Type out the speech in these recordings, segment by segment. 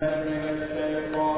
Thank you.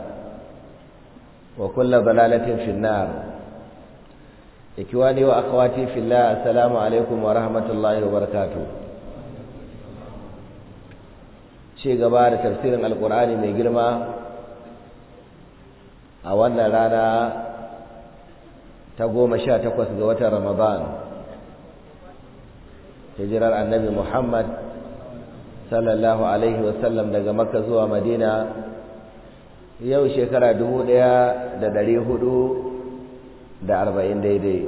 wa kulla dalalatin fi nnar ikiwani wa akhawati fi llah assalamu alaikum wa rahmatullahi wa barakatuh ci gaba da tafsirin alqur'ani mai girma a wannan rana ta goma sha takwas ga watan ramadan hijirar annabi muhammad sallallahu alaihi wasallam daga makka zuwa madina yau shekara dubu ɗaya da ɗari hudu da arba'in daidai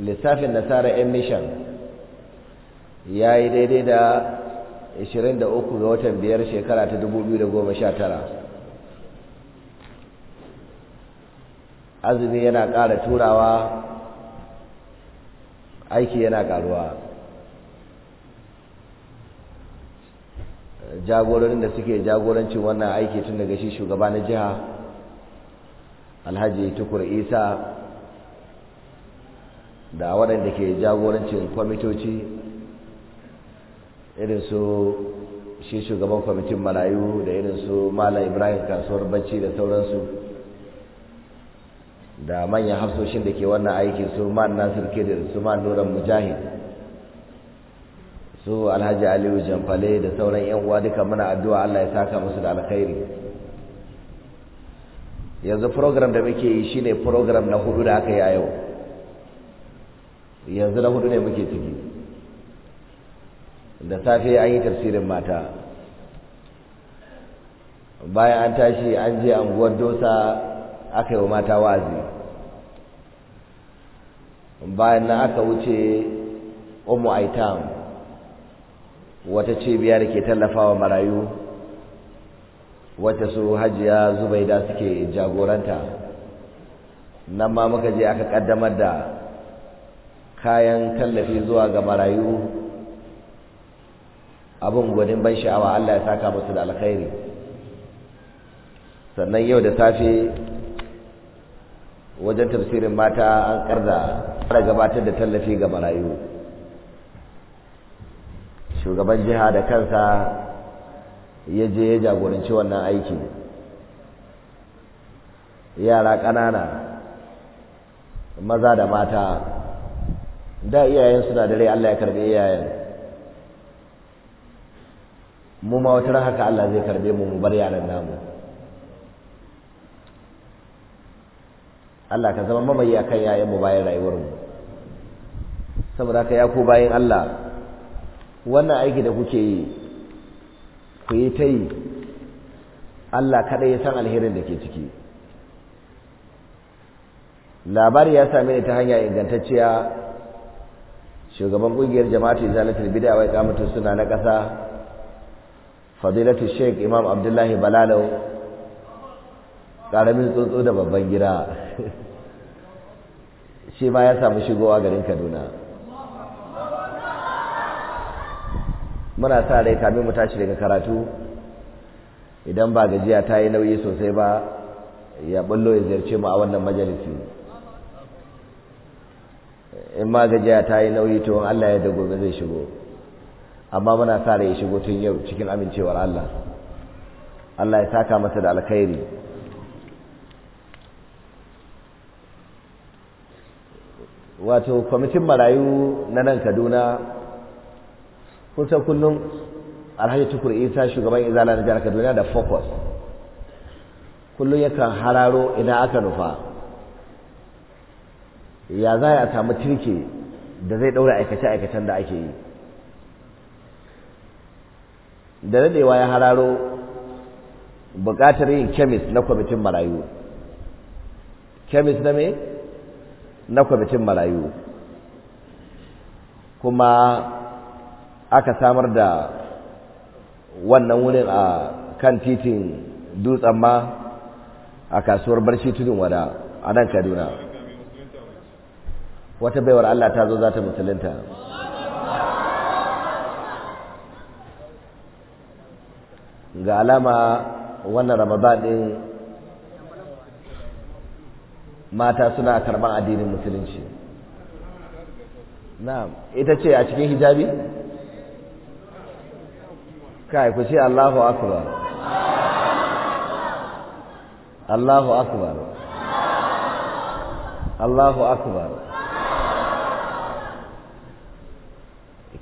lissafin nasara yan mishan ya yi daidai da 23 ga watan biyar shekara ta 2019 azumi yana ƙara turawa aiki yana ƙaruwa jagororin da suke jagorancin wannan aiki tun daga shi shugaba na jiha alhaji tukur isa da waɗanda ke jagorancin kwamitoci irin su shi shugaban kwamitin malayu da irin su mala ibrahim kasuwar bacci da sauransu da manyan hafsoshin da ke wannan aiki su man nasir kedir su man nuran mujahid su alhaji aliyu jamfale da sauran yan uwa duka muna addu'a Allah ya saka musu da alkhairi yanzu program da muke yi shine program na hudu da aka yi a yau yanzu na hudu ne muke ciki da safe an yi tafsirin mata bayan an tashi an je anguwar dosa aka yi wa mata wa'azi bayan na aka wuce umu aitam wata cibiya da ke tallafawa marayu wata su hajiya zubaida suke jagoranta nan ma muka je aka kaddamar da kayan tallafi zuwa ga marayu abin gwanin ban sha'awa Allah ya saka musu da alkhairi sannan yau da safe wajen tafsirin mata an karda fara gabatar da tallafi ga marayu shugaban jiha da kansa ya je ya jagoranci wannan aiki yara ƙanana maza da mata da iyayen suna da rai Allah ya karbe iyayen mu ma wata haka Allah zai karbe mu mu bar yaran namu Allah ka zama mamayi akan yayan mu bayan rayuwar mu saboda haka ya ku bayan Allah wannan aiki da kuke yi ku yi ta yi Allah kaɗai ya san alherin da ke ciki labari ya sami ne ta hanya ingantacciya shugaban ƙungiyar jama'atu da bid'a wai kamatu suna na ƙasa fadilatu sheik imam abdullahi balalau ƙaramin tsuntsu da babban gida shi ma ya samu shigowa garin kaduna muna sa rai kamin mu tashi daga karatu idan ba gajiya ta yi nauyi sosai ba ya bullo ya ziyarce mu a wannan majalisi in ma gajiya ta yi nauyi to Allah ya da gobe zai shigo amma muna sa rai ya shigo tun yau cikin amincewar Allah Allah ya saka masa da alkhairi wato kwamitin marayu na nan Kaduna kun san kullum alhaji tukur isa shugaban izala na jihar kaduna da focus kullum yakan hararo idan aka nufa ya za a samu tirke da zai ɗaura aikace-aikacen da ake yi da daɗewa ya hararo buƙatar yin kemis na kwamitin marayu kemis na me na kwamitin marayu kuma aka samar da wannan wurin a kan titin dutsen ma a kasuwar barci tudun wada a nan kaduna wata baiwar allah ta zo za ta musulunta ga alama wannan ramadani mata suna karban addinin musulunci na ita ce a cikin hijabi kai ku ce Allahu akbar Allahu akbar Allahu akbar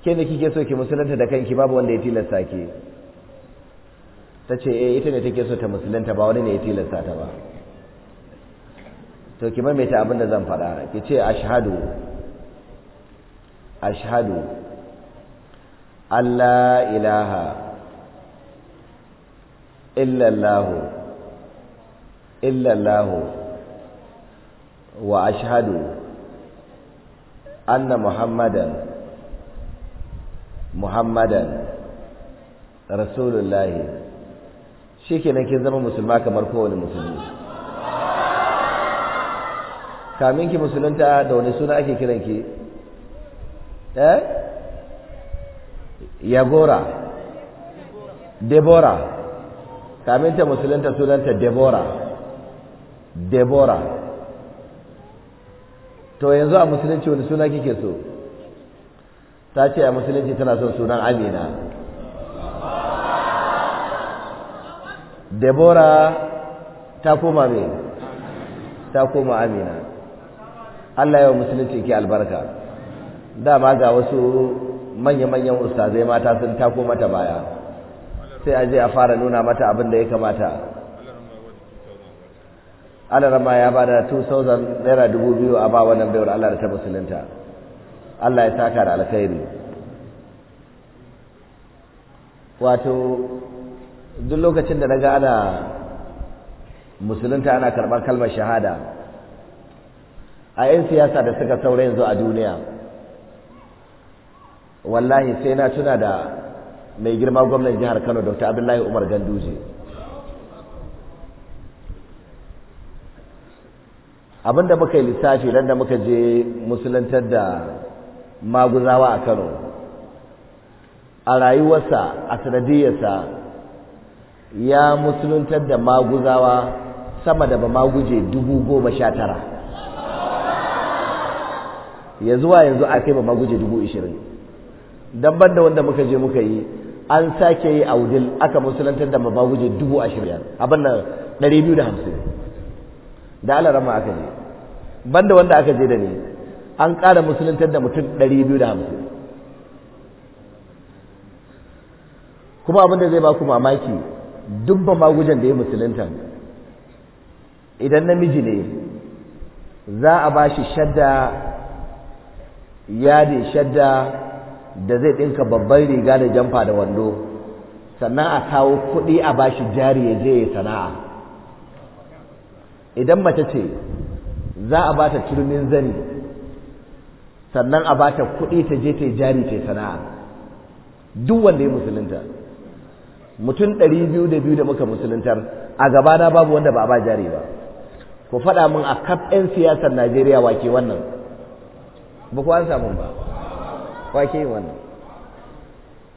ke ne kike so ki musulunta da kanki babu wanda ya tilasta ki ta ce eh ita ne take so ta musulunta ba wani ne ya tilasta ta ba to ki maimaita abin da zan faɗa ki ce ashhadu ashhadu Allah ilaha illallahu illallahu wa ashhadu anna muhammadan muhammadan rasulullahi shikenan kin zama musulma kamar kowane musulmi kamin ki musulunta da wani suna ake kiranki eh yagora debora kamin ta musulunta sunanta Deborah Deborah to yanzu a musulunci wani suna kike so ta ce a musulunci tana son sunan Amina Deborah ta koma me ta koma Amina Allah ya musulunci ke albarka dama ga wasu manya-manyan ustazai mata sun tako mata baya sai a je a fara nuna mata abin da ya kamata alarama ya bada da 2000 naira 2000 a ba wannan baiwar Allah da ta musulunta Allah ya saka da alkhairi wato duk lokacin da naga ana musulunta ana karɓar kalmar shahada a 'yan siyasa da suka saurayin yanzu a duniya wallahi sai na tuna da mai girma gwamnan jihar Kano Dr. Abdullahi Umar Ganduje abinda muka yi lissafi nan da muka je musulantar da maguzawa a Kano a rayuwarsa a sanadiyarsa ya musuluntar da maguzawa sama da ba maguje dubu goma sha tara ya zuwa yanzu a kai ba maguje dubu ishirin dabban da wanda muka je muka yi an sake yi a wudil aka musulantar da mabaguje dubu ashirin abin nan ɗari biyu da hamsin da alarama aka je banda wanda aka je da ni an ƙara musulantar da mutum ɗari biyu da hamsin kuma abin da zai ba ku mamaki duk mabagujen da ya musulunta idan namiji ne za a ba shi shadda yadi shadda da zai ɗinka babban riga da jamfa da wando sannan a kawo kuɗi a bashi jari ya je ya sana'a idan mace ce za a bata turmin zani sannan a bata kuɗi ta je ta jari ta sana'a duk wanda ya musulunta mutum ɗari biyu da biyu da muka musuluntar a gabana babu wanda ba a ba jari ba ku faɗa min a kaf 'yan siyasar najeriya wake wannan ba ku an samu ba wa ke yin wannan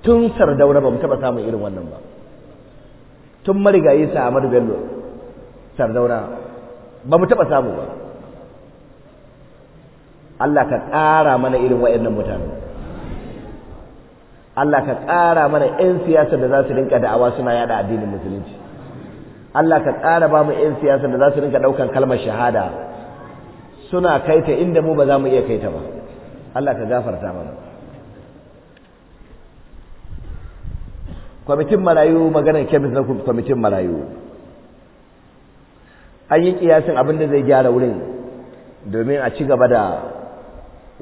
tun sardauna ba mu taɓa samun irin wannan ba tun marigayi sa Amadu Bello sardauna ba mu taɓa samu ba Allah ka ƙara mana irin waɗannan mutane Allah ka ƙara mana 'yan siyasar da za su rinka da'awa suna yada addinin musulunci Allah ka ƙara ba mu 'yan siyasar da za su rinka ɗaukan kalmar shahada suna kaita inda mu ba za mu iya kaita ba Allah ka gafarta mana kwamitin marayu maganar kemis na kwamitin marayu an yi kiyasin abin da zai gyara wurin domin a ci gaba da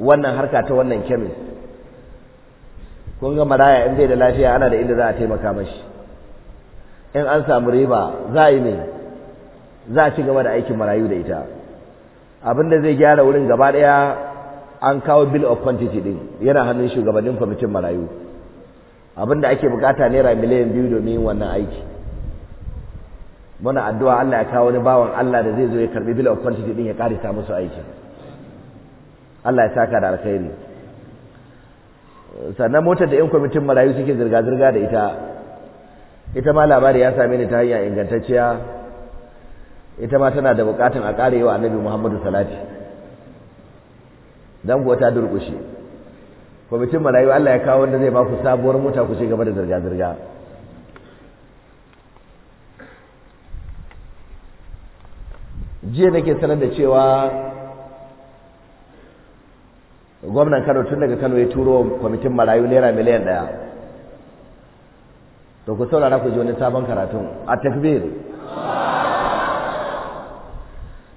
wannan harka ta wannan kemis Kunga maraya in zai da lafiya ana da inda za a taimaka mashi in an samu riba za a yi ne za a ci gaba da aikin marayu da ita abin da zai gyara wurin gaba daya an kawo bill of quantity din yana hannun shugabannin kwamitin marayu abinda ake bukata naira miliyan biyu domin yin wannan aiki muna addu'a Allah ya kawo wani bawan Allah da zai zo ya karbi bill of quantity din ya karisa musu aiki Allah ya saka da alkhairi sannan motar da 'yan kwamitin marayu suke zirga-zirga da ita ita ma labari ya same ni ta hanya ingantacciya ita ma tana da bukatun a karewa annabi muhammadu salati don ta durkushi kwamitin malayu Allah ya kawo wanda zai ba ku sabuwar mota ku ci gaba da zirga-zirga jiya nake sanar da cewa gwamnan kano tun daga kano ya turo kwamitin marayu naira miliyan daya to ku saurara ku ji wani sabon karatun a takbir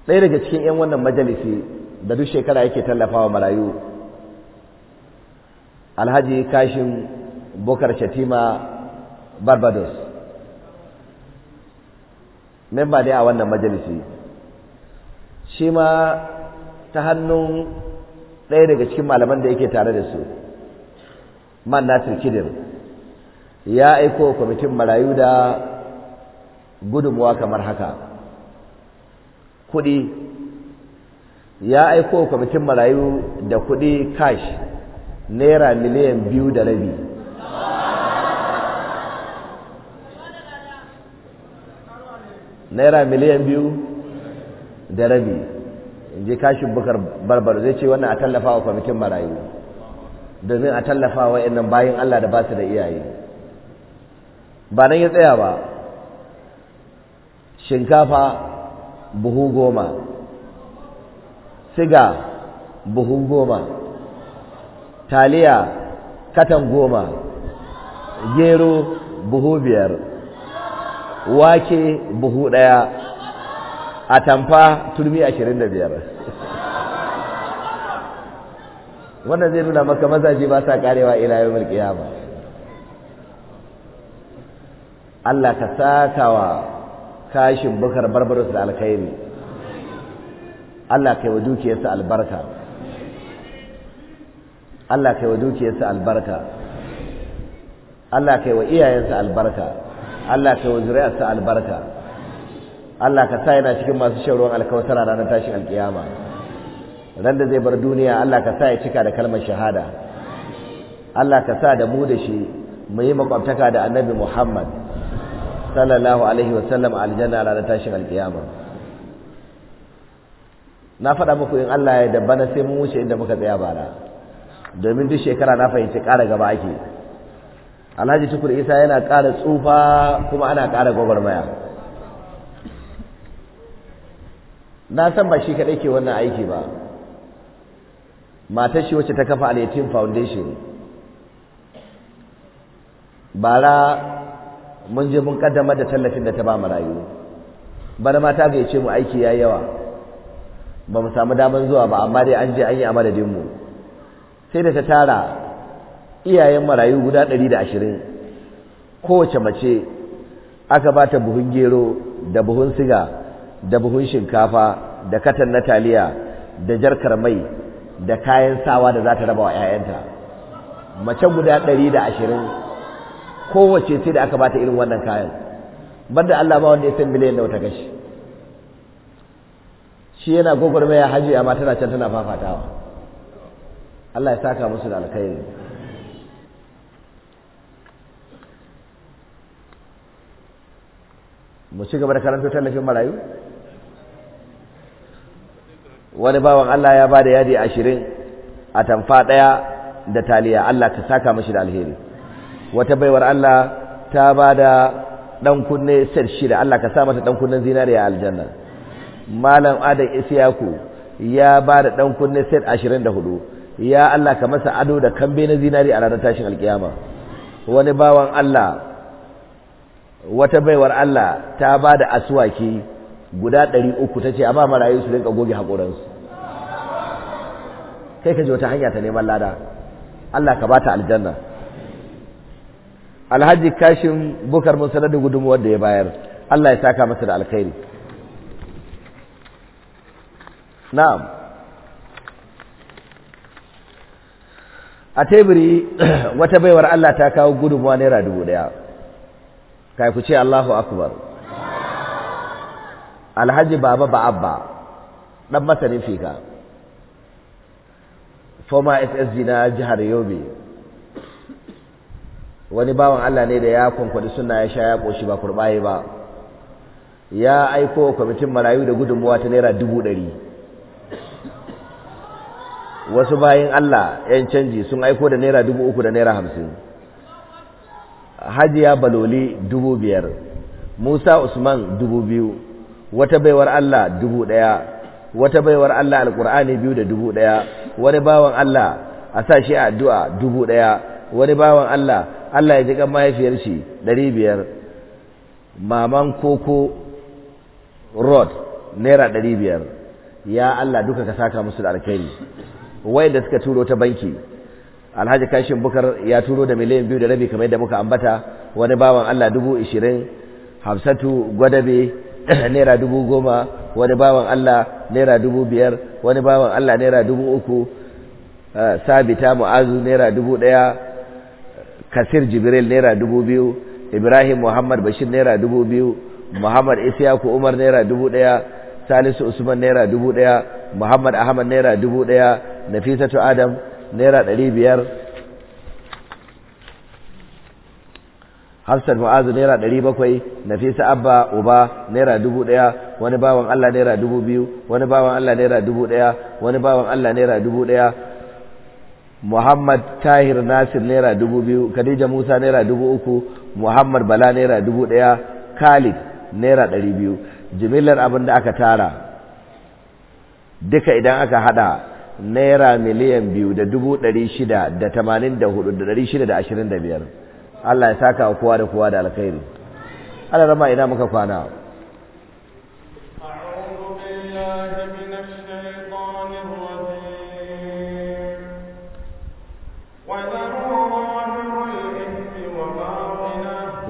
ɗaya daga cikin 'yan wannan majalisi da duk shekara yake tallafawa marayu alhaji kashin bukar shatima barbados memba ne a wannan majalisi shi ma ta hannun ɗaya daga cikin malaman da yake tare da su man nasir kidir ya aiko kwamitin marayu da gudunmuwa kamar haka kuɗi ya aiko kwamitin marayu da kudi cash naira miliyan biyu da rabi naira miliyan biyu da rabi in je kashin bukar barbaro zai ce wannan a tallafa wa kwamitin marayu domin a tallafa wa bayan Allah da ba su da iyaye ba nan ya tsaya ba shinkafa buhu goma siga buhu goma taliya katan goma gero buhu biyar wake buhu ɗaya a tamfa turmi ashirin da biyar wannan zai nuna maka mazaje ba sa karewa ila yau mulki ba Allah ka sakawa kashin bukar barbaros da alkhairi Allah ka yi wa dukiyarsa albarka Allah kai wa dukiyarsa albarka Allah kai wa iyayensa albarka Allah kai wa zuriyarsa albarka Allah ka sa yana cikin masu shan ruwan alkawtara ranar tashin alkiyama ran da zai bar duniya Allah ka sa ya cika da kalmar shahada Allah ka sa da mu da shi mu yi makwabtaka da annabi Muhammad sallallahu alaihi wa sallam aljanna ranar tashin alkiyama na faɗa muku in Allah ya dabbana sai mu wuce inda muka tsaya bara domin duk shekara na fahimci ƙara gaba ake alhaji tukur isa yana ƙara tsufa kuma ana ƙara gwagwarmaya na san ba shi kaɗai ke wannan aiki ba matar shi wacce ta kafa alyatim foundation bara mun je mun kaddamar da tallafin da ta ba mu rayu bana ma ta ce mu aiki yayi yawa ba mu samu daman zuwa ba amma dai an je an yi a madadinmu mu sai da ta tara iyayen marayu guda ɗari da ashirin kowace mace aka ba ta buhun gero da buhun siga da buhun shinkafa da katan na taliya da jarkar mai da kayan sawa da za ta raba wa 'ya'yanta mace guda ɗari da ashirin kowace sai da aka ba ta irin wannan kayan banda Allah ba wanda ya san miliyan da wata gashi shi yana mai haji a tana can tana fafatawa Allah ya saka musu da alkhairi mu ci gaba da karanta tallafin marayu wani bawan Allah ya ba da yadi ashirin a tamfa ɗaya da taliya Allah ka saka mashi da alheri wata baiwar Allah ta ba da ɗan kunne set shida Allah ka sa mata dan kunnen zinariya aljanna malam adam isiyaku ya ba da ɗan kunne set ashirin da hudu ya Allah ka masa ado da kambe na zinari a ranar tashin alkiyama wani bawan Allah wata baiwar Allah ta ba da asuwaki guda ɗari uku ta ce a ba marayu su rinka goge haƙoransu kai ka ji wata hanya ta neman lada Allah ka ba aljanna alhaji kashin bukar mun sanar da gudunmuwar da ya bayar Allah ya saka masa da alkhairi na'am a teburi wata baiwar Allah ta kawo gudunmuwa naira dubu ɗaya kai ku ce Allahu akbar alhaji baba ba abba ɗan masanin fika former ssg na jihar yobe wani bawan Allah ne da ya kwankwaɗi suna ya sha ya ƙoshi ba kurɓaye ba ya aiko kwamitin marayu da gudunmuwa ta naira dubu ɗari wasu bayan Allah 'yan canji sun aiko da naira dubu uku da naira hamsin hajiya baloli dubu biyar musa usman dubu biyu wata baiwar Allah dubu ɗaya wata baiwar Allah alƙur'ani biyu da dubu ɗaya wani bawan Allah a sa shi a addu'a dubu ɗaya wani bawan Allah Allah ya ji kan mahaifiyar shi ɗari biyar maman koko rod naira ɗari biyar ya Allah duka ka saka musu da alkhairi wayar da suka turo ta banki alhaji kashin bukar ya turo da miliyan biyu da rabi kamar yadda muka ambata wani bawan allah dubu ishirin hamsatu gwadabe naira dubu goma wani bawan allah naira dubu biyar wani bawan allah naira dubu uku uh, sabita mu'azu naira dubu ɗaya kasir jibril naira dubu biyu ibrahim muhammad bashir naira dubu biyu muhammad isyaku umar naira dubu ɗaya salisu usman naira dubu ɗaya muhammad ahmad naira dubu ɗaya nafisatu adam naira ɗari biyar hafsar ma'azu naira ɗari bakwai nafisa abba uba naira dubu ɗaya wani bawan allah naira dubu biyu wani bawan allah naira dubu ɗaya wani bawan allah naira dubu ɗaya muhammad tahir nasir naira dubu biyu khadija musa naira dubu uku muhammad bala naira dubu ɗaya khalid naira ɗari biyu jimillar abin da aka tara duka idan aka hada naira miliyan biyu da dubu ɗari shida da tamanin da hudu da ɗari shida da ashirin da biyar Allah ya saka wa kowa da kowa da alkhairi Allah rama ina muka kwana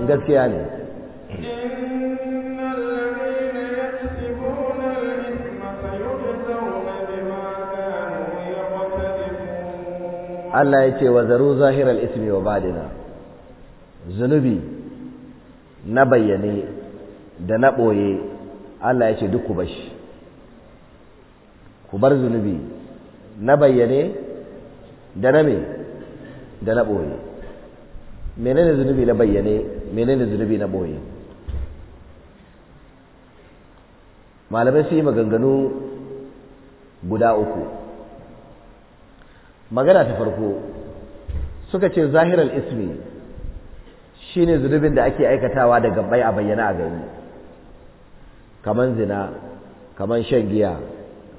gaskiya ne Allah ya ce wa zaru zahiral ismi wa badina zunubi na bayyane da na ɓoye Allah ya ce duk ku bashi ku bar zunubi na bayyane da na me da na ɓoye menene zunubi na bayyane menene zunubi na ɓoye malamai su yi maganganu guda uku magana ta farko suka ce zahiral ismi shine zunubin da ake aikatawa da gabbai a bayyana a gani kaman zina kaman shan giya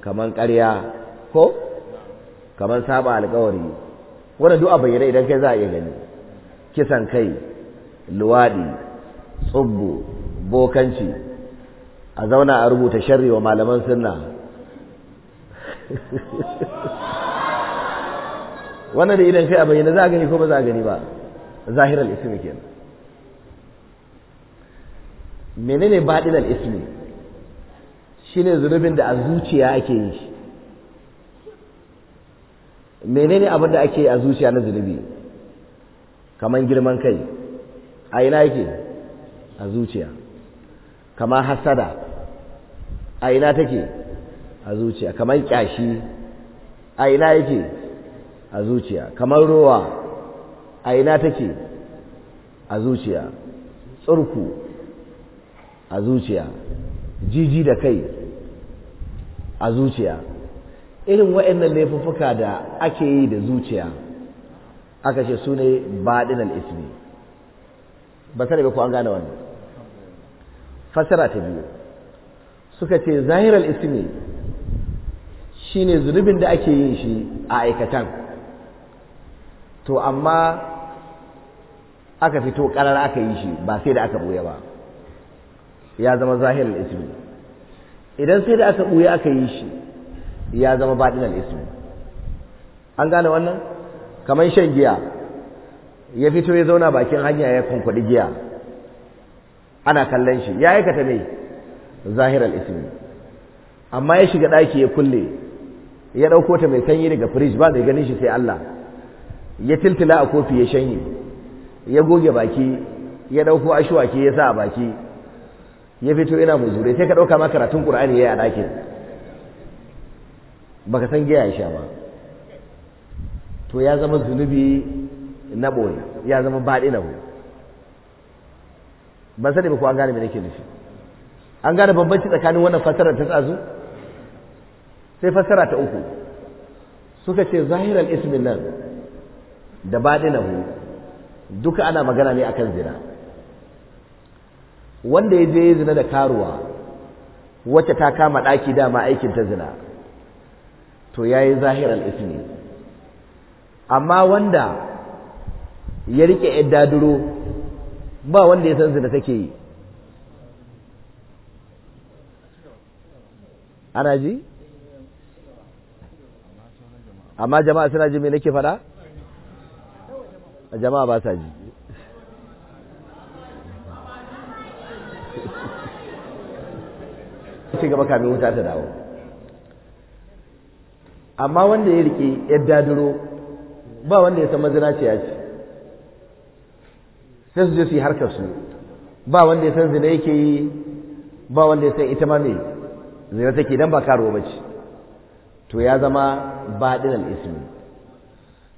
kaman karya ko kaman saba alkawari wannan duk a bayyana idan kai za a iya gani kisan kai luwaɗi tsubbu bokanci a zauna a rubuta sharri wa malaman sunna wannan da idan kai a bayyana za a gani ko ba za a gani ba al ismi kenan menene badinal ismi shine zunubin da a zuciya ake yi menene abin da ake a zuciya na zunubi kamar girman kai a ina yake a zuciya kamar hasada a ina take a zuciya kamar kyashi a ina yake a zuciya kamar ruwa a ina take a zuciya tsurku a zuciya jiji da kai a zuciya irin waɗannan laifuffuka da ake yi da zuciya aka ce su ne baɗinal ismi ba sani ba ko an gane wannan fasara ta biyu suka ce zahirar ismi shi ne zunubin da ake yin shi a aikatan to amma aka fito karar aka yi shi ba sai da aka buya ba ya zama zahirin ismi idan sai da aka buya aka yi shi ya zama baɗinan ismi an gane wannan kamar shan giya ya fito ya zauna bakin hanya ya kwankwaɗi giya ana kallon shi ya aikata ne zahirar ismi amma ya shiga ɗaki ya kulle ya ɗauko ta mai sanyi daga firij ba mai ganin shi sai Allah ya tiltila a kofi ya shanye ya goge baki ya ɗauko ashwaki ya sa a baki ya fito ina muzure sai ka ɗauka ma karatun ƙur'ani ya yi a ɗakin baka san giya ya sha ba to ya zama zunubi na ɓoye ya zama baɗi na ban sani ba ko an gane me nake nufi an gane bambanci tsakanin wannan fasara ta tsazu sai fasara ta uku suka ce zahiral ismin nan da badinahu duka ana magana ne akan zina wanda ya je zina da karuwa wacce ta kama ɗaki dama aikin ta zina to ya yi zahirar ismi amma wanda ya riƙe duro ba wanda ya san zina take yi ana ji amma jama'a suna ji me nake fada a jama'a ba sa ji ci gaba kamin wuta ta dawo amma wanda ya rike ya dadiro ba wanda ya san mazinaciya ce sai su je su yi harkar su ba wanda ya san zina yake yi ba wanda ya san ita ma mai zina take dan ba karuwa ce, to ya zama baɗinan ismi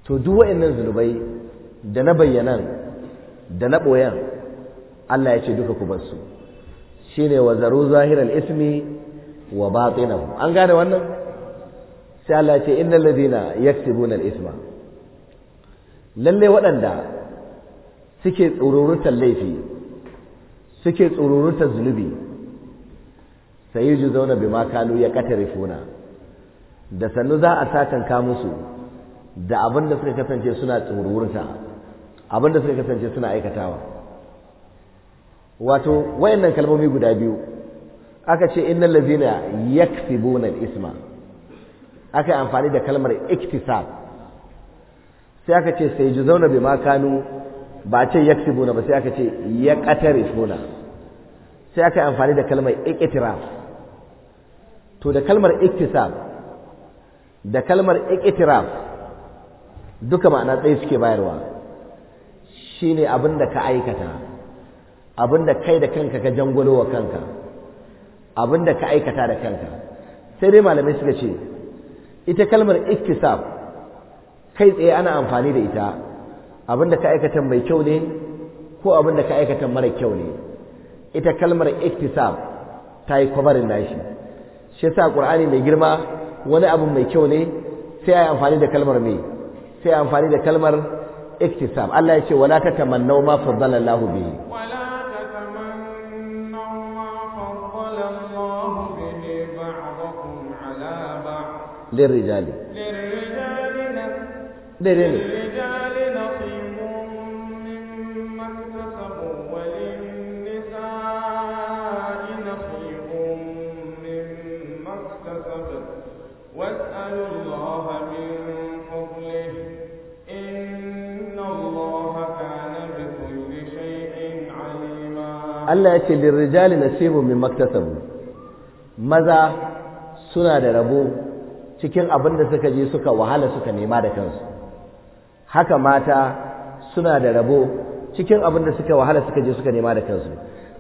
to duk waɗannan zunubai da na bayyanan da na ɓoyan Allah ya ce duka ku bar su shine wa zaru zahiral ismi wa batinahu an gane wannan sai Allah ya ce innal ladina yaktubuna al isma lalle waɗanda suke tsururutar laifi suke tsururutar zunubi sai yi zauna bi makalu ya katarifuna da sannu za a ka musu da abin da suka kasance suna tsururuta abin da suka kasance suna aikatawa wato wayannan kalmomi guda biyu aka ce innal ladzina yaksibuna al-isma aka yi amfani da kalmar iktisab sai aka ce sai juzauna bima kanu ba ce yaksibuna ba sai aka ce yaqtarifuna sai aka amfani da kalmar iktiraf to da kalmar iktisab da kalmar iktiraf duka ma'ana ɗaya suke bayarwa Shi ne abin da ka aikata abin da kai da kanka ka jangwalo wa kanka abin da ka aikata da kanka sai dai malamai suka ce ita kalmar ikisaf kai tsaye ana amfani da ita abin da ka aikata mai kyau ne ko abin da ka aikata mara kyau ne ita kalmar ikisaf ta yi kwabarin nashi shi yasa qur'ani mai girma wani abin mai kyau ne sai a yi amfani da kalmar mai sai a amfani da kalmar iktisab Allah ya ce wala tatamannaw ma faddala Allah bihi wala ma bihi ba'dakum ala ba'd Allah ya ce lirrijali nasibu min maktasabu maza suna da rabo cikin abin da suka je suka wahala suka nema da kansu haka mata suna da rabo cikin abin da suka wahala suka je suka nema da kansu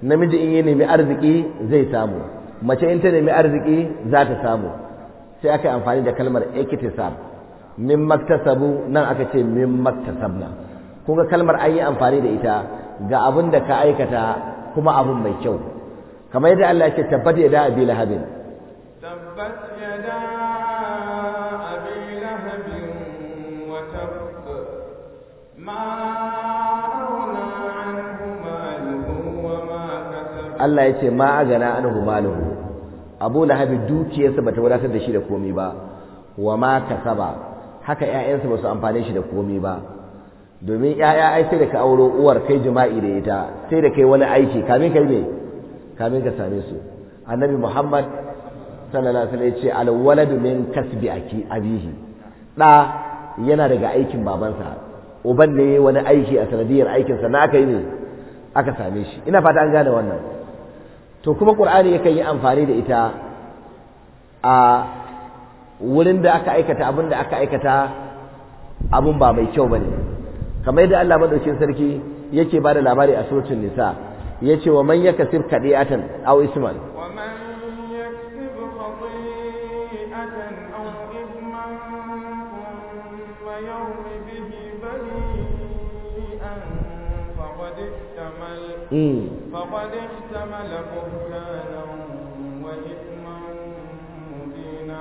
namiji in ya nemi arziki zai samu mace in ta nemi arziki za ta samu sai aka yi amfani da kalmar iktisab min maktasabu nan aka ce min maktasabna kun ga kalmar an yi amfani da ita ga abin da ka aikata kuma abun mai kyau kamar yadda Allah yake tabbat ya da abi lahabin tabbat ya da abi lahabin wa tabb ma aghna anhu maluhu wa ma kasab Allah yace ma aghna anhu maluhu abu lahabi dukiyarsa bata wadatar da shi da komai ba wa ma kasaba haka ƴaƴansa ba su amfane shi da komai ba domin yaya ai sai da ka auro uwar kai jima'i da ita sai da kai wani aiki kamin kai ne kamin ka same su annabi muhammad sallallahu alaihi wasallam ya ce al waladu min kasbi aki abihi da yana daga aikin babansa uban ne wani aiki a sanadiyar aikin sa na aka yi ne aka same shi ina fata an gane wannan to kuma qur'ani yakan yi amfani da ita a wurin da aka aikata abin da aka aikata abun ba mai kyau bane kamar yadda Allah madaukin sarki yake bada labari a suratul nisa yace wa man yakasib kadiatan aw isman wa man isman thumma yawmi bihi faqad hmm. wa mubina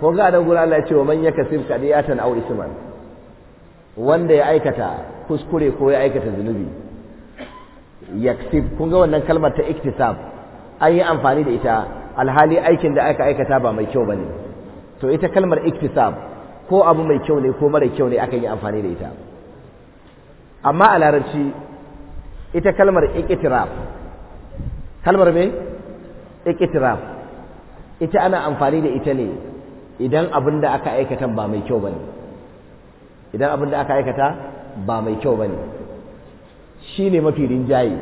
ko ga da gura Allah ya wa man yakasib kadiatan aw isman wanda ya aikata kuskure ko ya aikata zunubi yaksib kun ga wannan kalmar ta iktisab an yi amfani da ita alhali aikin da aka aikata ba mai kyau ba ne to ita kalmar iktisab ko abu mai kyau ne ko mara kyau ne aka yi amfani da ita amma a larabci ita kalmar iktiraf kalmar me iktiraf ita ana amfani da ita ne idan abin da aka aikata ba mai kyau ba ne. idan abin da aka aikata ba mai kyau ba ne shi ne mafi rinjaye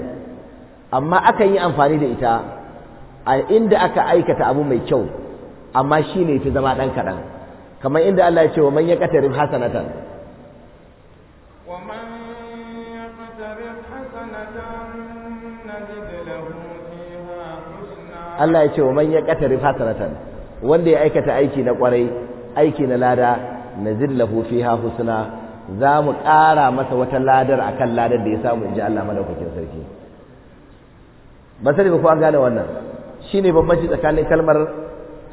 amma akan yi amfani da ita a inda aka aikata abu mai kyau amma shine fi zama dan kaɗan kamar inda Allah ya ce wa man ƙatarin hasanatan Allah ya ce wa man ƙatarin hasanatan wanda ya aikata aiki na ƙwarai aiki na lada nazillahu fiha husna za mu ƙara masa wata ladar akan ladar da ya samu inji Allah madaukakin sarki ba sai ba ku an gane wannan shine bambanci tsakanin kalmar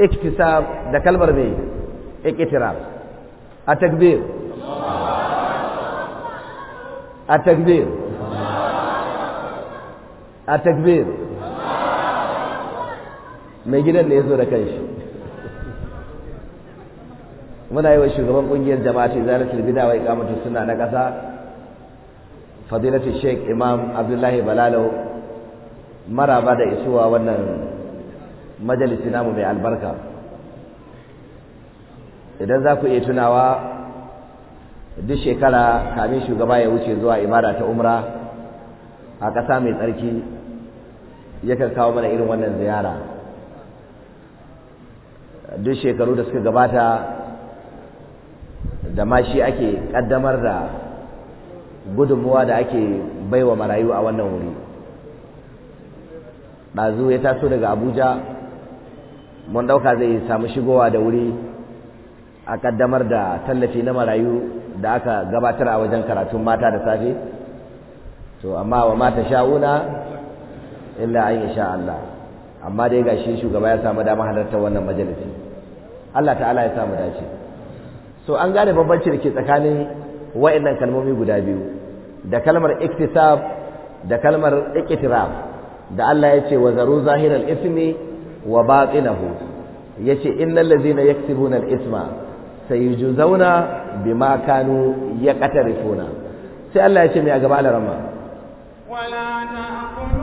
iktisab da kalmar mai iktiraf a takbir a takbir a takbir mai gidan ne ya zo da kanshi muna yi wa shugaban kungiyar jama'ati ta bid'a wa ikamatu suna na kasa fadilatu sheikh imam abdullahi balalo maraba da isuwa wannan majalisi namu mai albarka idan za ku iya tunawa duk shekara kamin shugaba ya wuce zuwa ibada ta umra a ƙasa mai tsarki yakan kawo mana irin wannan ziyara duk shekaru da suka gabata da ma shi ake kaddamar da gudunmuwa da ake baiwa marayu a wannan wuri ɗazu ya taso daga abuja mun ɗauka zai samu shigowa da wuri a kaddamar da tallafi na marayu da aka gabatar a wajen karatun mata da safe to amma wa mata sha'una illa an yi sha Allah amma dai ga shi shugaba ya samu dama halartar wannan majalisi Allah ta'ala ya samu dace so an gane bambanci da ke tsakanin wa'annan kalmomi guda biyu da kalmar iktisab da kalmar iktiraf da Allah ya ce wa zaru zahiral ismi wa batinahu na innal ladhina yaktubuna al isma sayujzauna bima kanu yaqtarifuna sai Allah ya ce mai a gaba alarama wala ta'qulu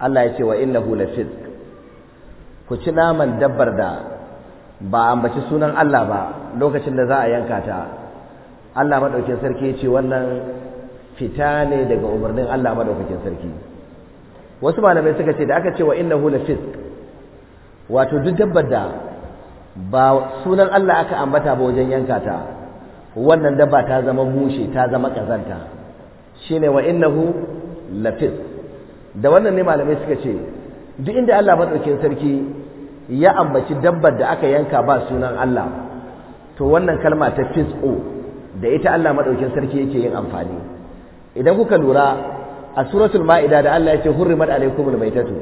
Allah ya ce wa hula fisk ku ci naman dabbar da ba ambaci sunan Allah ba lokacin da za a yanka ta Allah madaukakin sarki ya ce wannan fita ne daga umarnin Allah madaukakin sarki wasu malamai suka ce da aka ce wa hula fisk wato duk dabbar da ba sunan Allah aka ambata ba wajen yanka ta wannan dabba ta zama mushe ta zama kazanta shine wa innahu lafis. da wannan ne malamai suka ce duk inda Allah maɗaukin sarki ya ambaci dabbar da aka yanka ba sunan Allah to wannan kalma ta fisqo da ita Allah maɗaukin sarki yake yin amfani idan kuka lura a suratul ma'ida da Allah ya ce hurrimat alaykumul maitatu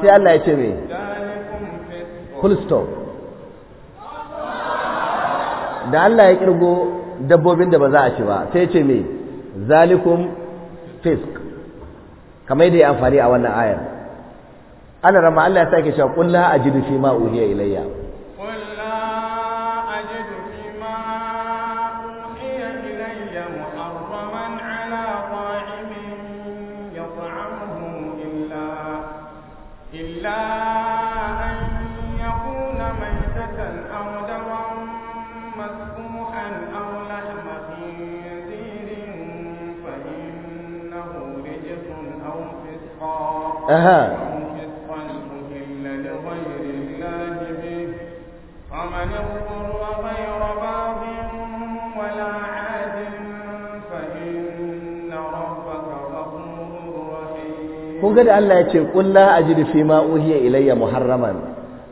Sai Allah ya ce me, full stop. da Allah ya kirgo dabbobin da ba za a ci ba sai ce mai zalikum fisk kamar da ya amfani a wannan ayar ana rama Allah ya sake cewa qul la ajidu fi ma uhiya ilayya qul la ajidu fi ma uhiya ilayya muharraman ala ta'imin yat'amuhu illa illa an yakuna maytatan aw daman masfuhan aw lahma khinzirin fa innahu rijsun aw kun ga da Allah ya ce kulla ajidu fi ma uhiya ilayya muharraman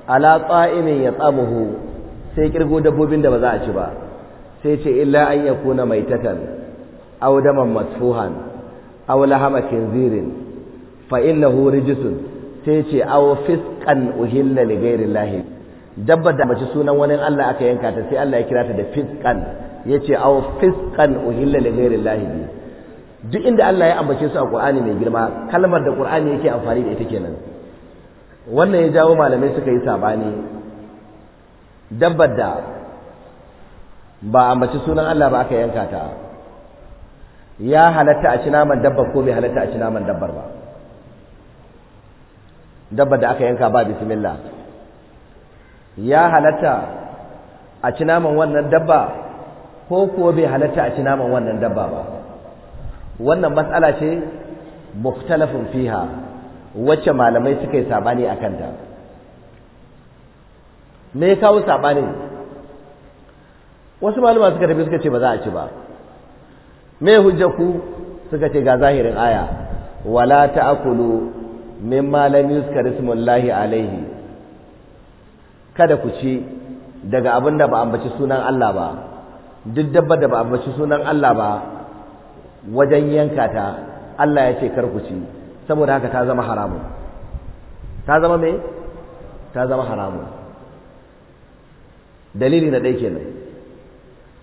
ala ya yatsamuhu sai kirgo dabbobin da ba za a ci ba sai ce illa an yakuna maitatan aw daman masfuhan aw lahama Kinzirin, fa innahu rijsun sai ce aw fisqan uhilla li ghairi llahi dabba da mace sunan wani Allah aka yanka ta sai Allah ya kira ta da fisqan yace aw fisqan uhilla li ghairi llahi duk inda Allah ya ambace su a Qur'ani mai girma kalmar da Qur'ani yake amfani da ita kenan wannan ya jawo malamai suka yi sabani dabbar da ba ambaci sunan Allah ba aka yanka ta ya halatta a ci naman dabbar ko bai halatta a ci naman dabbar ba dabbar da aka yanka ba bismillah ya halatta a ci naman wannan dabba ko kuwa bai halatta a ci naman wannan dabba ba wannan matsala ce muftalafin fiha wacce malamai suka yi sabani a kanta me ya kawo sabani wasu malamai suka tafi suka ce ba za a ci ba me ku suka ce ga zahirin aya wala ta'kulu mimma lam yuzkar ismullahi alaihi kada ku ci daga abin da ba ambaci sunan Allah ba duk dabba da ba ambaci sunan Allah ba wajen yanka ta Allah ya ce kar ku ci saboda haka ta zama haramun ta zama me ta zama haramun dalili na ɗaya kenan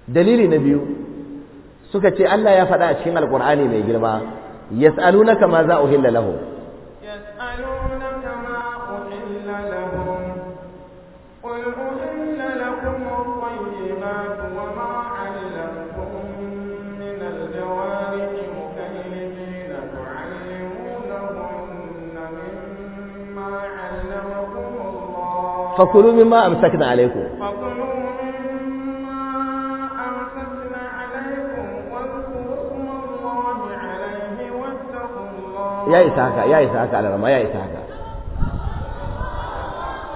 dalili na biyu suka ce Allah ya faɗa a cikin alkur'ani mai girma yas'alunaka ma za uhilla lahu fakulu mimma amsakna alaikum ya isa haka ya isa haka alarama ya isa haka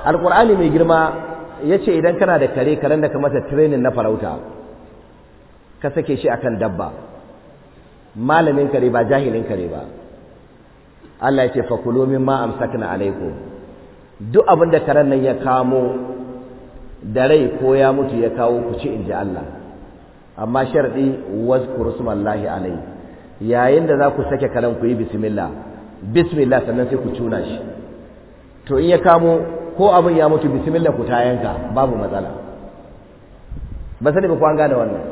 alkur'ani mai girma ya ce idan kana da kare karen da kamata training na farauta ka sake shi akan dabba malamin kare ba jahilin kare ba Allah ya ce fakulu mimma amsakna alaikum duk abin da karen nan ya kamo da rai ko ya mutu ya kawo ku ci in ji Allah amma sharɗi wazkuru smallahi alai yayin da za ku sake karen ku yi bismillah bismillah sannan sai ku cuna shi to in ya kamo ko abin ya mutu bismillah ku tayanka babu matsala ba sani ba ku an gane wannan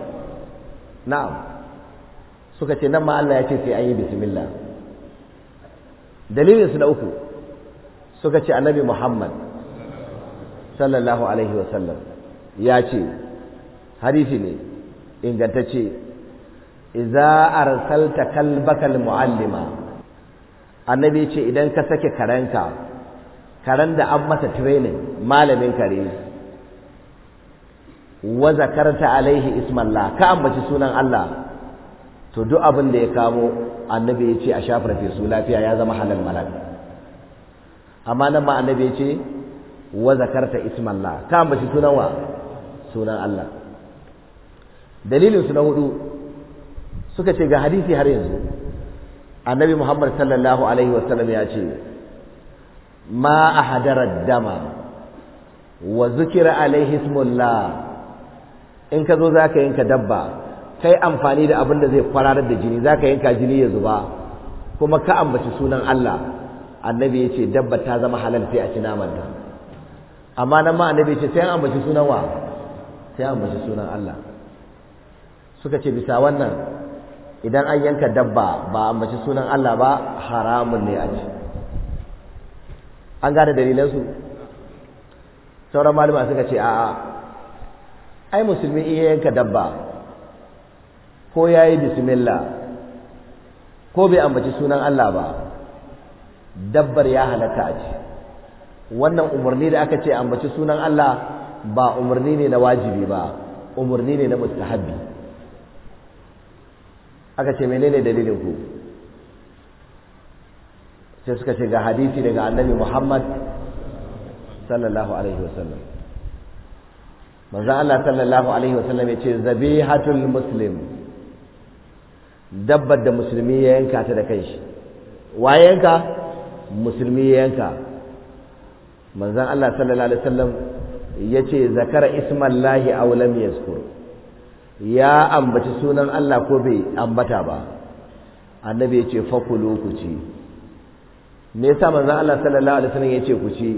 na'am suka ce nan ma Allah ya ce sai an yi bismillah dalilin su na uku suka ce annabi muhammad sallallahu alaihi wasallam ya ce hadisi ne ingantacce idza arsalta kalbaka almuallima annabi ce idan ka sake karenka karen da an masa training malamin kare wa zakarta alaihi ismallah ka ambaci sunan Allah to duk abin da ya kamo annabi ya ce a shafar fesu lafiya ya zama halal malaka amma nan ma annabi ya ce wa zakarta ismallah ka ambaci sunan wa sunan Allah dalilin su na hudu suka ce ga hadisi har yanzu annabi Muhammad sallallahu alaihi wasallam ya ce ma ahadara dama wa zukira alaihi ismullah in ka zo zaka yanka dabba kai amfani da abin da zai kwararar da jini zaka yanka jini ya zuba kuma ka ambaci sunan Allah annabi ya ce dabba ta zama halal sai a ci naman ta amma nan ma annabi ya ce sai an ambaci sunan wa sai an ambaci sunan Allah suka ce bisa wannan idan an yanka dabba ba ambaci sunan Allah ba haramun ne a ci an gane dalilansu sauran malama suka ce a'a ai musulmi iya yanka dabba ko ya yi bismillah ko bai ambaci sunan Allah ba dabbar ya halatta a ci wannan umarni da aka ce ambaci sunan Allah ba umarni ne na wajibi ba umarni ne na mustahabi aka ce menene dalilin ku sai suka ce ga hadisi daga annabi Muhammad sallallahu alaihi wasallam manzo Allah sallallahu alaihi wasallam ya ce zabihatul muslim dabbar da musulmi ya yanka ta da kanshi wa yanka musulmi ya yanka manzan Allah sallallahu alaihi wasallam ce zakara ismallahi aw yazkur ya ambaci sunan Allah ko bai ambata ba annabi ya ce, fakulu ku ci me yasa manzan Allah sallallahu alaihi wasallam ce ku ci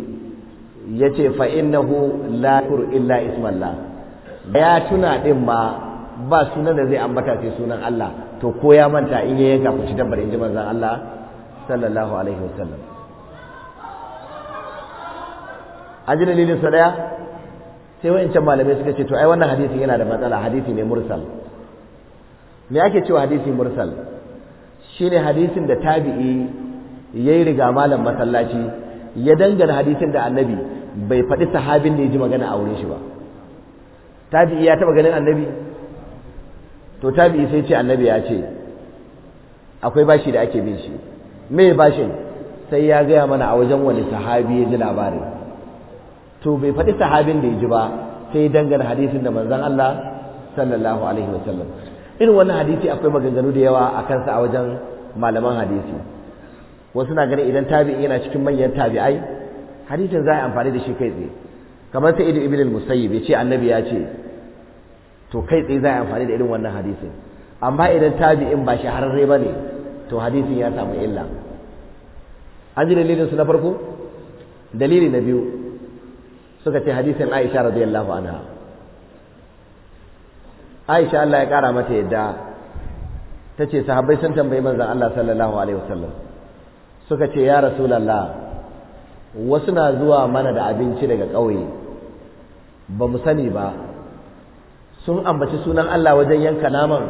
ce fa innahu la kur illa ismallah ya tuna din ma ba sunan da zai ambata sai sunan Allah to ko ya manta in ya yanka ku ci dabbar ji manzan Allah sallallahu alaihi wasallam dalilin sa daya sai wayancan malamai suka ce to ai wannan hadisi yana da matsala hadisi ne mursal me ake cewa hadisi mursal shine hadisin da tabi'i yayi riga malam masallaci ya dangana hadisin da annabi bai faɗi sahabin da ya ji magana a wurin shi ba tabi'i ya taɓa ganin annabi to tabi'i sai ce annabi ya ce akwai bashi da ake bin shi me bashi sai ya gaya mana a wajen wani sahabi ya ji labarin to bai faɗi sahabin da ya ji ba sai ya dangana hadisin da manzon Allah sallallahu alaihi wa sallam. irin wannan hadisi akwai maganganu da yawa a kansa a wajen malaman hadisi wasu na ganin idan tabi'i yana cikin manyan tabi'ai hadisin za a yi amfani da shi kai tsaye kamar sai idu ibn al-musayyib ya ce annabi ya ce to kai tsaye za a amfani da irin wannan hadisin amma idan tabi'in ba shahararre ba ne to hadisin ya samu illa an ji dalilinsu na farko dalili na biyu suka ce hadisin aisha radiyallahu anha aisha Allah ya kara mata yadda ta ce sahabbai sun tambayi manzan Allah sallallahu alaihi wasallam suka ce ya rasulallah wasu na zuwa mana da abinci daga ƙauye ba mu sani ba sun ambaci sunan Allah wajen yanka naman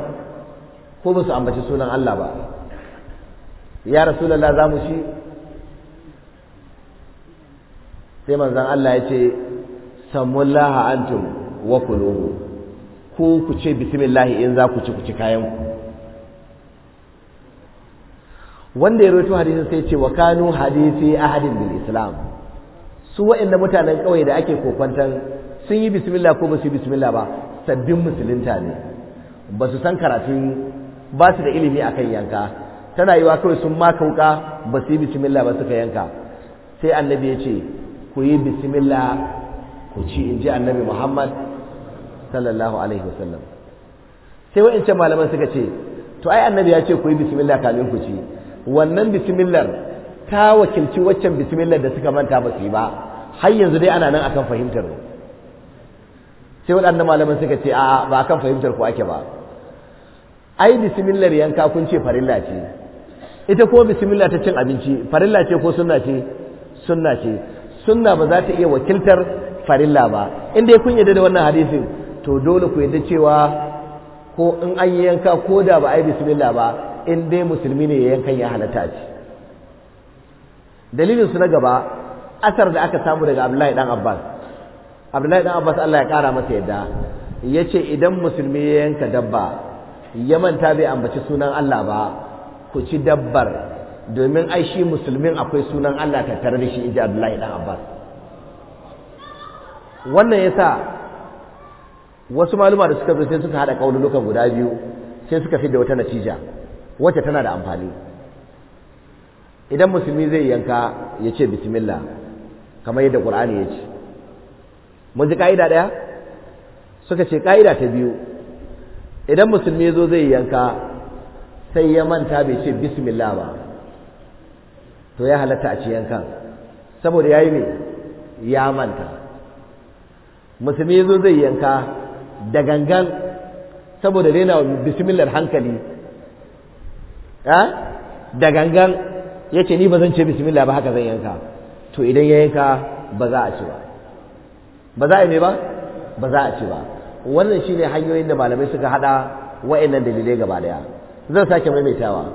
ko ba su ambaci sunan Allah ba ya rasulallah za mu ci sai manzan Allah ya ce samullaha antum wa kuluhu ku ku ce bismillah in za ku ci ku ci kayan wanda ya roto hadisun sai ce wa kanu hadisi ahadin bil islam su waɗanda mutanen kawai da ake kokwantan sun yi bismillah ko ba yi bismillah ba sabbin musulunta ne ba su san karatun ba su da ilimi akan yanka tana yiwa kawai sun maka wuka ba su yi bismillah ba suka yanka sai annabi ya ce ku yi bismillah ku ci in ji annabi muhammad sallallahu alaihi wasallam sai wa'ancan malaman suka ce to ai annabi ya ce ku yi bismillah kamin ku ci wannan bismillah ta wakilci waccan bismillah da suka manta ba su yi ba har yanzu dai ana nan akan fahimtar mu sai waɗannan malaman suka ce a'a ba akan fahimtar ku ake ba ai bismillah yanka kun ce farilla ce ita ko bismillah ta cin abinci farilla ce ko sunna ce sunna ce sunna ba za ta iya wakiltar farilla ba inda dai kun yadda da wannan hadisin to dole ku yadda cewa ko in an yi yanka ko da ba a yi bismillah ba in dai musulmi ne ya yankan ya halatta ce dalilin su na gaba asar da aka samu daga abdullahi dan abbas abdullahi dan abbas Allah ya kara masa yadda yace idan musulmi ya yanka dabba ya manta bai ambaci sunan Allah ba ku ci dabbar domin ai shi musulmin akwai sunan Allah tare da shi inji Abdullahi dan Abbas wannan yasa wasu maluma da suka zo sai suka hada kaululukan guda biyu sai suka fi da wata natija wacce tana da amfani idan musulmi zai yanka ya ce bismillah kamar yadda ƙur'ani ya ce mun ji ƙa'ida ɗaya suka ce ƙa'ida ta biyu idan musulmi zo zai yanka sai ya manta bai ce bismillah ba to ya halatta a ci kan saboda yayi me ya manta musulmi yazo zai yanka da gangan saboda daina bismillah hankali da gangan yace ni ba zan ce bismillah ba haka zan yanka to idan ya yanka ba za a ci ba ba za a yi ba ba za a ci ba wannan shine hanyoyin da malamai suka hada wa'annan dalilai gaba daya zan sake maimaitawa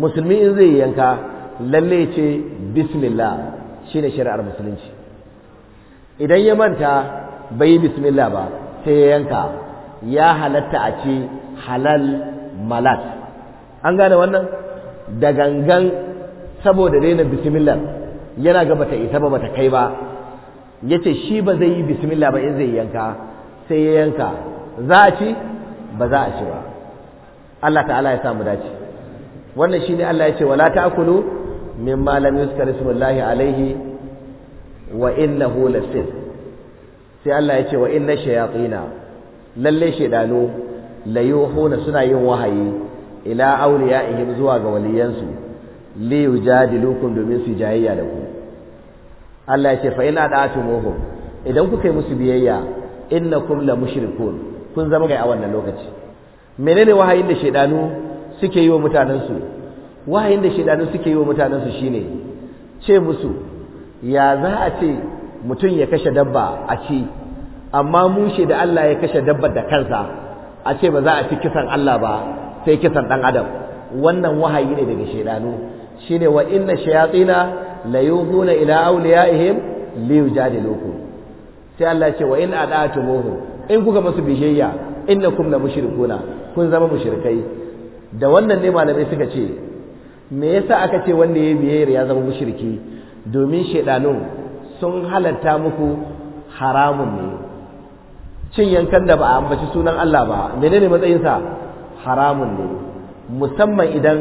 musulmi in zai yanka lalle ce bismillah ne shari'ar musulunci idan ya manta bai yi bismillah ba sai ya yanka ya halatta a ce halal malat an gane wannan da gangan saboda daina bismillah yana ga bata ita ba bata kai ba ya ce shi ba zai yi bismillah ba in zai yanka sai ya yanka za a ci ba za a ci ba Allah ta'ala ya samu dace wannan shine Allah ya ce wala ta'kulu mimma lam yuzkar ismullahi alaihi wa innahu lasid sai Allah ya ce wa inna shayatina lalle shedano na suna yin wahayi ila awliyaihim zuwa ga waliyansu li yujadilukum domin su jayayya da ku Allah ya ce fa in ada'atumuhum idan kuka yi musu biyayya innakum la mushrikun kun zama kai a wannan lokaci menene wahayin da shaidanu suke yi wa mutanensu wahayin da shaidanu suke yi wa mutanensu shine ce musu ya za a ce mutum ya kashe dabba a ci amma mushe da Allah ya kashe dabbar da kansa a ce ba za a ci kisan Allah ba sai kisan ɗan adam wannan wahayi ne daga shaidanu shine wa inna shayatina la yuhuna ila awliyaihim li yujadilukum sai Allah ya ce wa in ada'tumuhu in kuka masu bishiyya innakum la mushrikuna kun zama mushrikai da wannan ne malamai suka ce me yasa aka ce wanda ya biyayyar ya zama mushriki domin shedanu sun halatta muku haramun ne cin yankan da ba a ambaci sunan Allah ba menene matsayin sa haramun ne musamman idan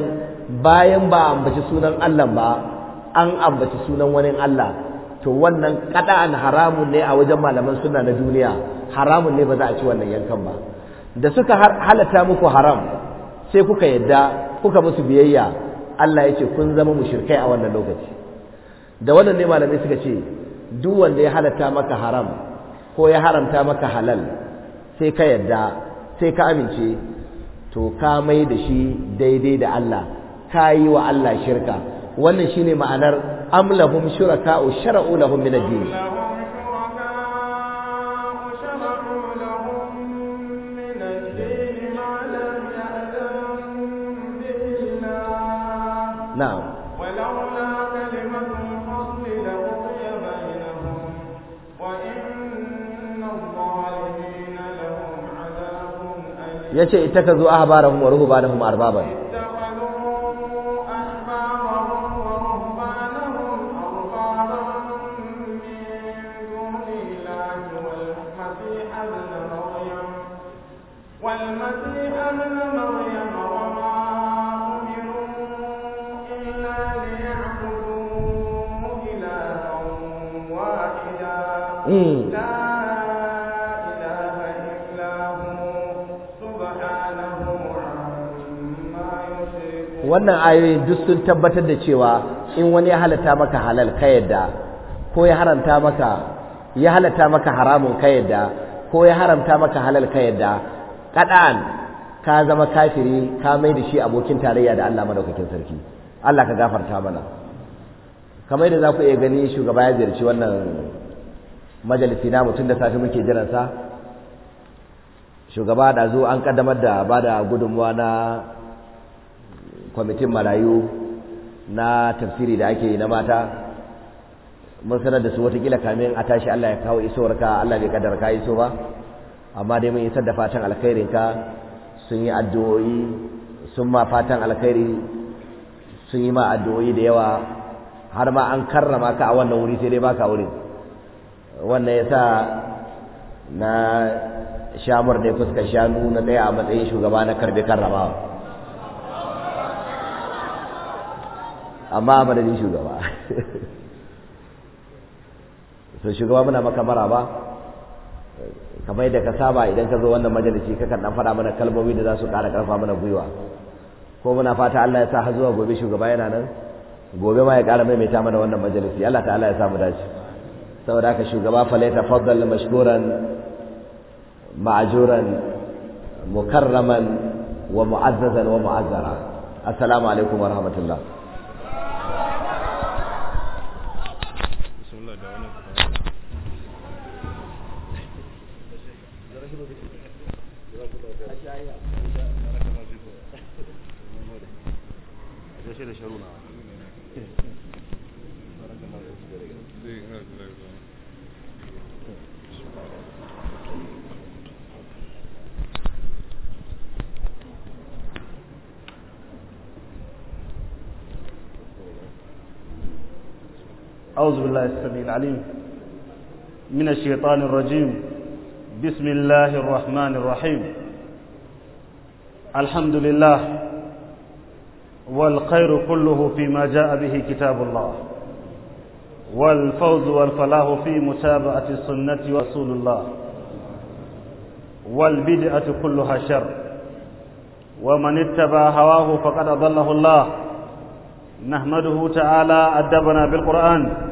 bayan ba a ambaci sunan Allah ba an ambaci sunan wani Allah to wannan kada'an haramun ne a wajen malaman sunna na duniya haramun ne ba za a ci wannan yankan ba da suka halatta muku haram sai kuka yadda kuka musu biyayya Allah ya ce kun zama mu a wannan lokaci da wannan ne malamai suka ce duk wanda ya halatta maka haram ko ya haramta maka halal sai ka yadda sai ka amince to ka mai da shi daidai da Allah ka yi wa Allah shirka wannan shine ma'anar amlahum shuraka'u shara'u lahum min ad-din نعم ولولا كلمة الفصل لقضي بينهم وإن الظالمين لهم عذاب أليم يشئ اتخذوا أحبارهم ورهبانهم أربابا wannan ayoyin duk sun tabbatar da cewa in wani ya halatta maka halal ka yadda ko ya haramta maka ya halatta maka haramun ka yadda ko ya haramta maka halal ka yadda kadan ka zama kafiri ka mai da shi abokin tarayya da Allah madaukakin sarki Allah ka gafarta mana kamar da za ku iya gani shugaba ya ziyarci wannan majalisi na mutum da safe muke jiransa shugaba da zo an kaddamar da ba da gudunmuwa na kwamitin marayu na tafsiri da ake yi na mata mun sanar da su watakila kamin a tashi Allah ya kawo isowar ka Allah bai kadar ka iso ba amma dai mun isar da fatan alkhairin ka sun yi addu'o'i sun ma fatan alkhairi sun yi ma addu'o'i da yawa har ma an karrama ka a wannan wuri sai dai baka wurin wannan yasa na shamur da fuskar shanu na tsaya a matsayin shugaba na karbe karramawa amma a madadin shugaba so shugaba muna maka ba kamar yadda ka saba idan ka zo wannan majalisi kan dan faɗa mana kalmomi da za su ƙara ƙarfa mana gwiwa ko muna fata Allah ya sa har zuwa gobe shugaba yana nan gobe ma ya ƙara maimaita mana wannan majalisi Allah ta'ala ya sa mu dace saboda haka shugaba falaita faddal mashkuran ma'ajuran mukarraman wa mu'azzazan wa mu'azzara assalamu alaikum wa rahmatullah أعوذ بالله السميع العليم من الشيطان الرجيم بسم الله الرحمن الرحيم الحمد لله والخير كله فيما جاء به كتاب الله والفوز والفلاح في متابعة السنة ورسول الله والبدعة كلها شر ومن اتبع هواه فقد أضله الله نحمده تعالى أدبنا بالقرآن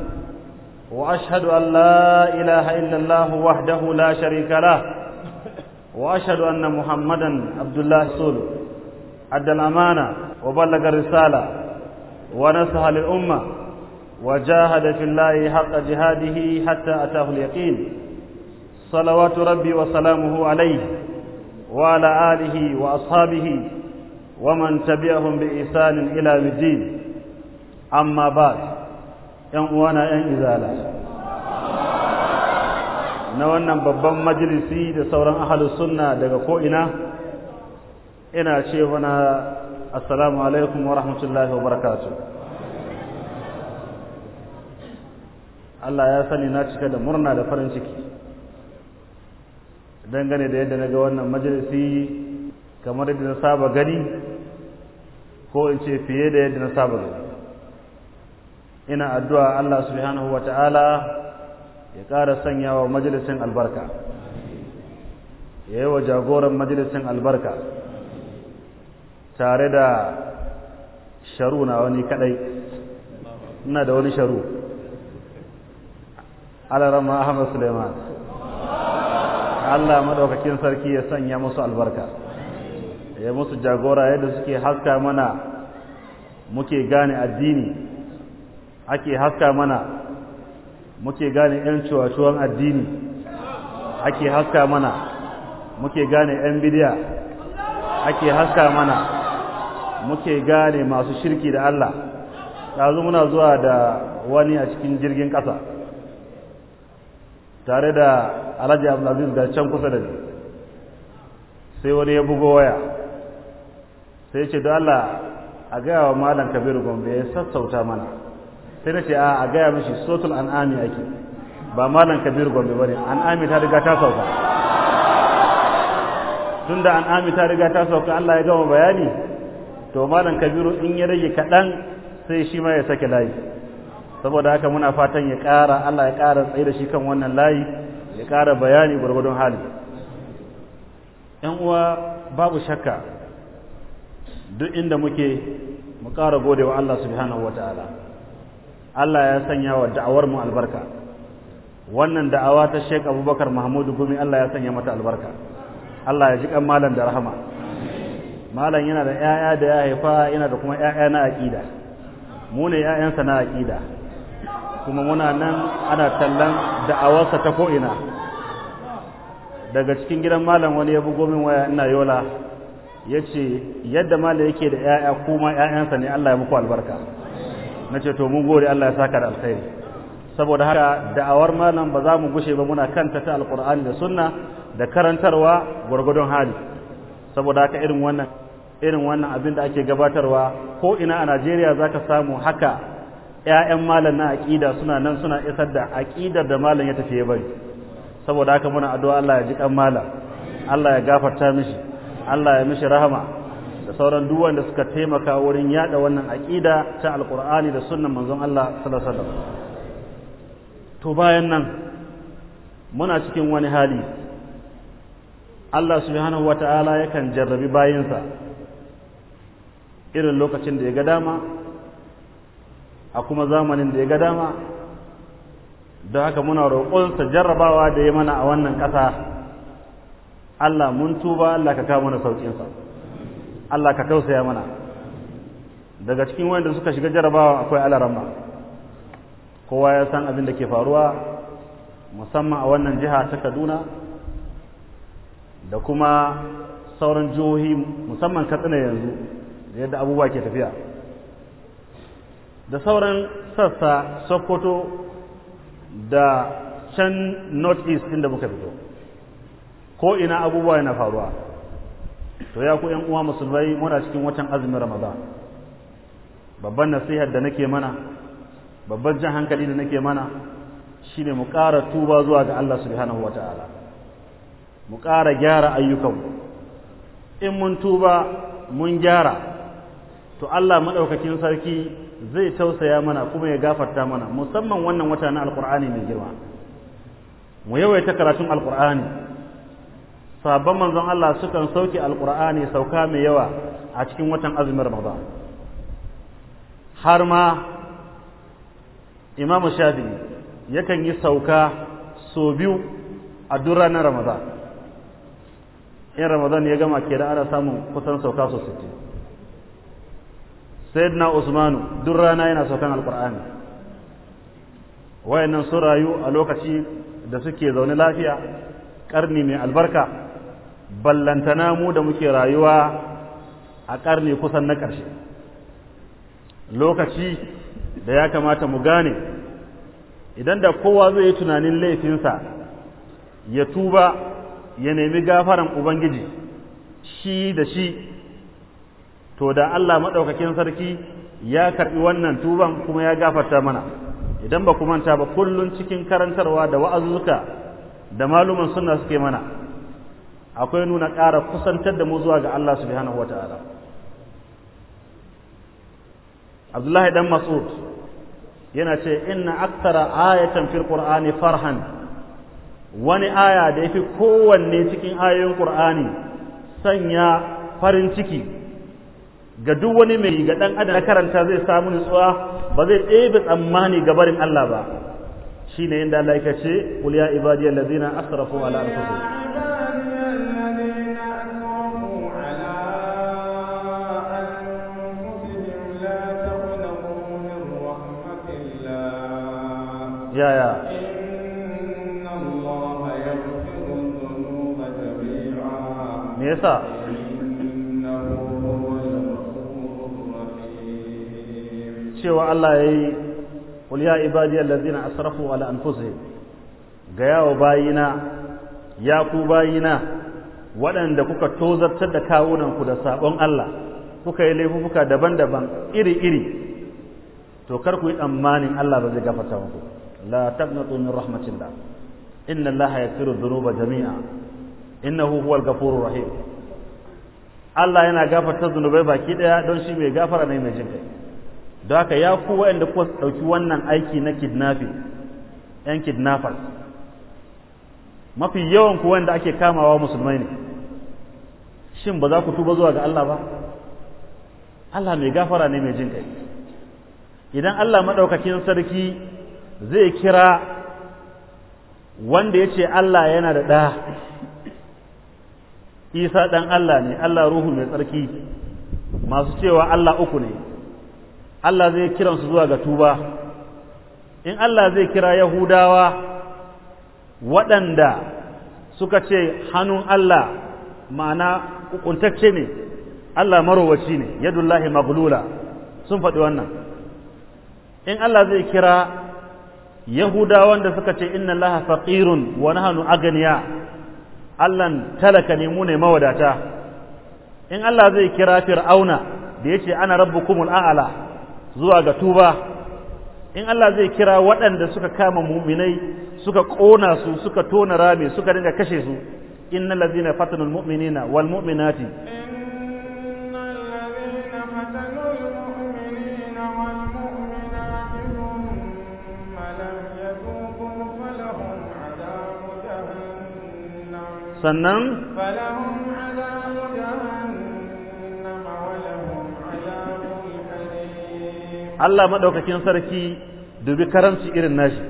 وأشهد أن لا إله إلا الله وحده لا شريك له وأشهد أن محمدا عبد الله رسوله أدى الأمانة وبلغ الرسالة ونصح للأمة وجاهد في الله حق جهاده حتى أتاه اليقين صلوات ربي وسلامه عليه وعلى آله وأصحابه ومن تبعهم بإحسان إلى الدين أما بعد 'yan uwana 'yan izala na wannan babban majalisi da sauran ahalus sunna daga ko'ina ina ce wana assalamu alaikum wa rahmatullahi wa barakatu Allah ya sani na cika da murna da farin ciki dangane da yadda na ga wannan majalisi kamar yadda na saba gani ko in ce fiye da yadda na saba gani ina addu'a Allah subhanahu wa ta'ala ya ƙara sanya wa majalisin albarka ya yi wa jagoran majalisin albarka tare da sharu na wani kadai ina da wani sharu alarama ahmad suleiman Allah maɗaukakin sarki ya sanya musu albarka ya musu jagora yadda suke haska mana muke gane addini ake haska mana muke gane 'yan cuwa addini ake haska mana muke gane 'yan bidiya ake haska mana muke gane masu shirki da Allah Yanzu muna zuwa da wani a cikin jirgin ƙasa tare da alhaji abdulaziz ga can kusa da ni sai wani ya bugo waya sai ce don Allah a gaya wa malam kabiru gombe ya sassauta mana sai na ce a gaya mashi sotul an'ami ake ba malam kabir gombe ba ne an'ami ta riga ta sauka tunda an'ami ta riga ta sauka Allah ya gama bayani to malam kabiru in ya rage kaɗan sai shi ma ya sake layi saboda haka muna fatan ya ƙara Allah ya ƙara tsaye da shi kan wannan layi ya ƙara bayani gwargwadon hali ‘yan uwa babu shakka duk inda muke mu ƙara gode wa Allah subhanahu wa ta'ala Allah ya sanya wa da'awar mu albarka wannan da'awa ta Sheikh Abubakar Mahmudu Gumi Allah ya sanya mata albarka Allah ya ji kan malam da rahama malam yana da 'ya'ya da ya haifa yana da kuma ƴaƴa na aqida mu ne 'ya'yansa na aqida kuma muna nan ana tallan da'awarsa ta ko'ina daga cikin gidan malam wani ya bugo min waya ina yola yace yadda malam yake da ‘ya'ya kuma ‘ya'yansa ne Allah ya muku albarka na ce to mun gode Allah ya saka da alkhairi saboda haka da'awar malam ba za mu gushe ba muna kanta ta alqur'ani da sunna da karantarwa gurgudun hali saboda haka irin wannan irin wannan abin da ake gabatarwa ko ina a Najeriya zaka samu haka ƴaƴan malam na aqida suna nan suna isar da aqidar da malam ya tafi bari saboda haka muna addu'a Allah ya ji kan malam Allah ya gafarta mishi Allah ya mishi rahama da sauran duk wanda suka taimaka wurin yada wannan aqida ta alqur'ani da sunnan manzon Allah sallallahu alaihi wasallam to bayan nan muna cikin wani hali Allah subhanahu wata'ala yakan jarrabi bayinsa irin lokacin da ya ga dama a kuma zamanin da ya ga dama don haka muna roƙonsa jarrabawa da ya mana a wannan ƙasa Allah mun tuba Allah ka kawo mana sauƙinsa Allah ka tausaya mana daga cikin wanda suka shiga jarabawa akwai alarama kowa ya san abin da ke faruwa musamman a wannan jiha ta kaduna da kuma sauran jihohi musamman katsina yanzu da yadda abubuwa ke tafiya da sauran sassa sokoto da can north east inda muka fito ko ina abubuwa yana faruwa to ya ku yan uwa musulmai muna cikin watan azumin ramadan babban nasihar da nake mana babban jan hankali da nake mana shine mu ƙara tuba zuwa ga Allah subhanahu wataala mu ƙara gyara ayyukanmu in mun tuba mun gyara to Allah maɗaukakin sarki zai tausaya mana kuma ya gafarta mana musamman wannan wata na alƙur'ani mai girma mu yawaita karatun alƙur'ani sabon manzon Allah sukan sauke alqur'ani sauka mai yawa a cikin watan azumin ramadan har ma imamu shafi'i yakan yi sauka so biyu a duk ranar ramadan in ramadan ya gama ke da ana samun kusan sauka so sai na usmanu duk rana yana saukan alqur'ani wayannan sun rayu a lokaci da suke zaune lafiya ƙarni mai albarka ballantana mu da muke rayuwa a ƙarni kusan na ƙarshe lokaci da ya kamata mu gane idan da kowa zai yi tunanin laifinsa ya tuba ya nemi gafaran ubangiji shi da shi to da Allah maɗaukakin sarki ya karɓi wannan tuban kuma ya gafarta mana idan ba ku manta ba kullum cikin karantarwa da wa'azuka da maluman sunna suke mana akwai nuna ƙara kusantar da mu zuwa ga Allah subhanahu wata'ala Abdullahi dan Mas'ud yana ce inna aktara ayatan fil qur'ani farhan wani aya da yafi kowanne cikin ayoyin qur'ani sanya farin ciki ga duk wani mai ga dan adam karanta zai samu nutsuwa ba zai ɗebe tsammani ga barin Allah ba shine yanda Allah yake ce qul ya ibadiyallazina asrafu ala anfusihim yaya me yasa cewa Allah ya yi قل يا عبادي الذين اسرفوا على Ga yawo bayina ya ku bayina waɗanda kuka tozartar da kawunanku da sabon Allah kuka yi laifuka daban-daban iri-iri to kar ku yi tsammanin Allah ba zai gafarta muku la taqnatu min rahmatillah inna allaha yaghfiru dhunuba jami'a innahu huwal ghafurur rahim Allah yana gafarta zunubai baki daya don shi mai gafara ne mai jin kai don haka ya ku waɗanda kuka ɗauki wannan aiki na kidnapping yan kidnappers mafi yawan ku wanda ake kamawa musulmai ne shin ba za ku tuba zuwa ga Allah ba Allah mai gafara ne mai jin kai idan Allah maɗaukakin sarki zai kira wanda ya ce Allah yana da ɗa isa ɗan Allah ne Allah ruhu mai tsarki masu cewa Allah uku ne Allah zai kiransu zuwa ga tuba in Allah zai kira Yahudawa waɗanda suka ce hannun Allah ma'ana kuntacce ne Allah marowaci ne yadullahi maglula sun faɗi wannan in Allah zai kira yahudawan da suka ce inna allaha faqirun wa nahnu aganiya Allah talaka ne mu ne mawadata in Allah zai kira fir'auna da yace ana rabbukumul a'la zuwa ga tuba in Allah zai kira waɗanda suka kama muminai suka kona su suka tona rami suka dinga kashe su innal ladzina fatanul mu'minina wal mu'minati sannan Allah maɗaukakin sarki dubi karamci irin nashi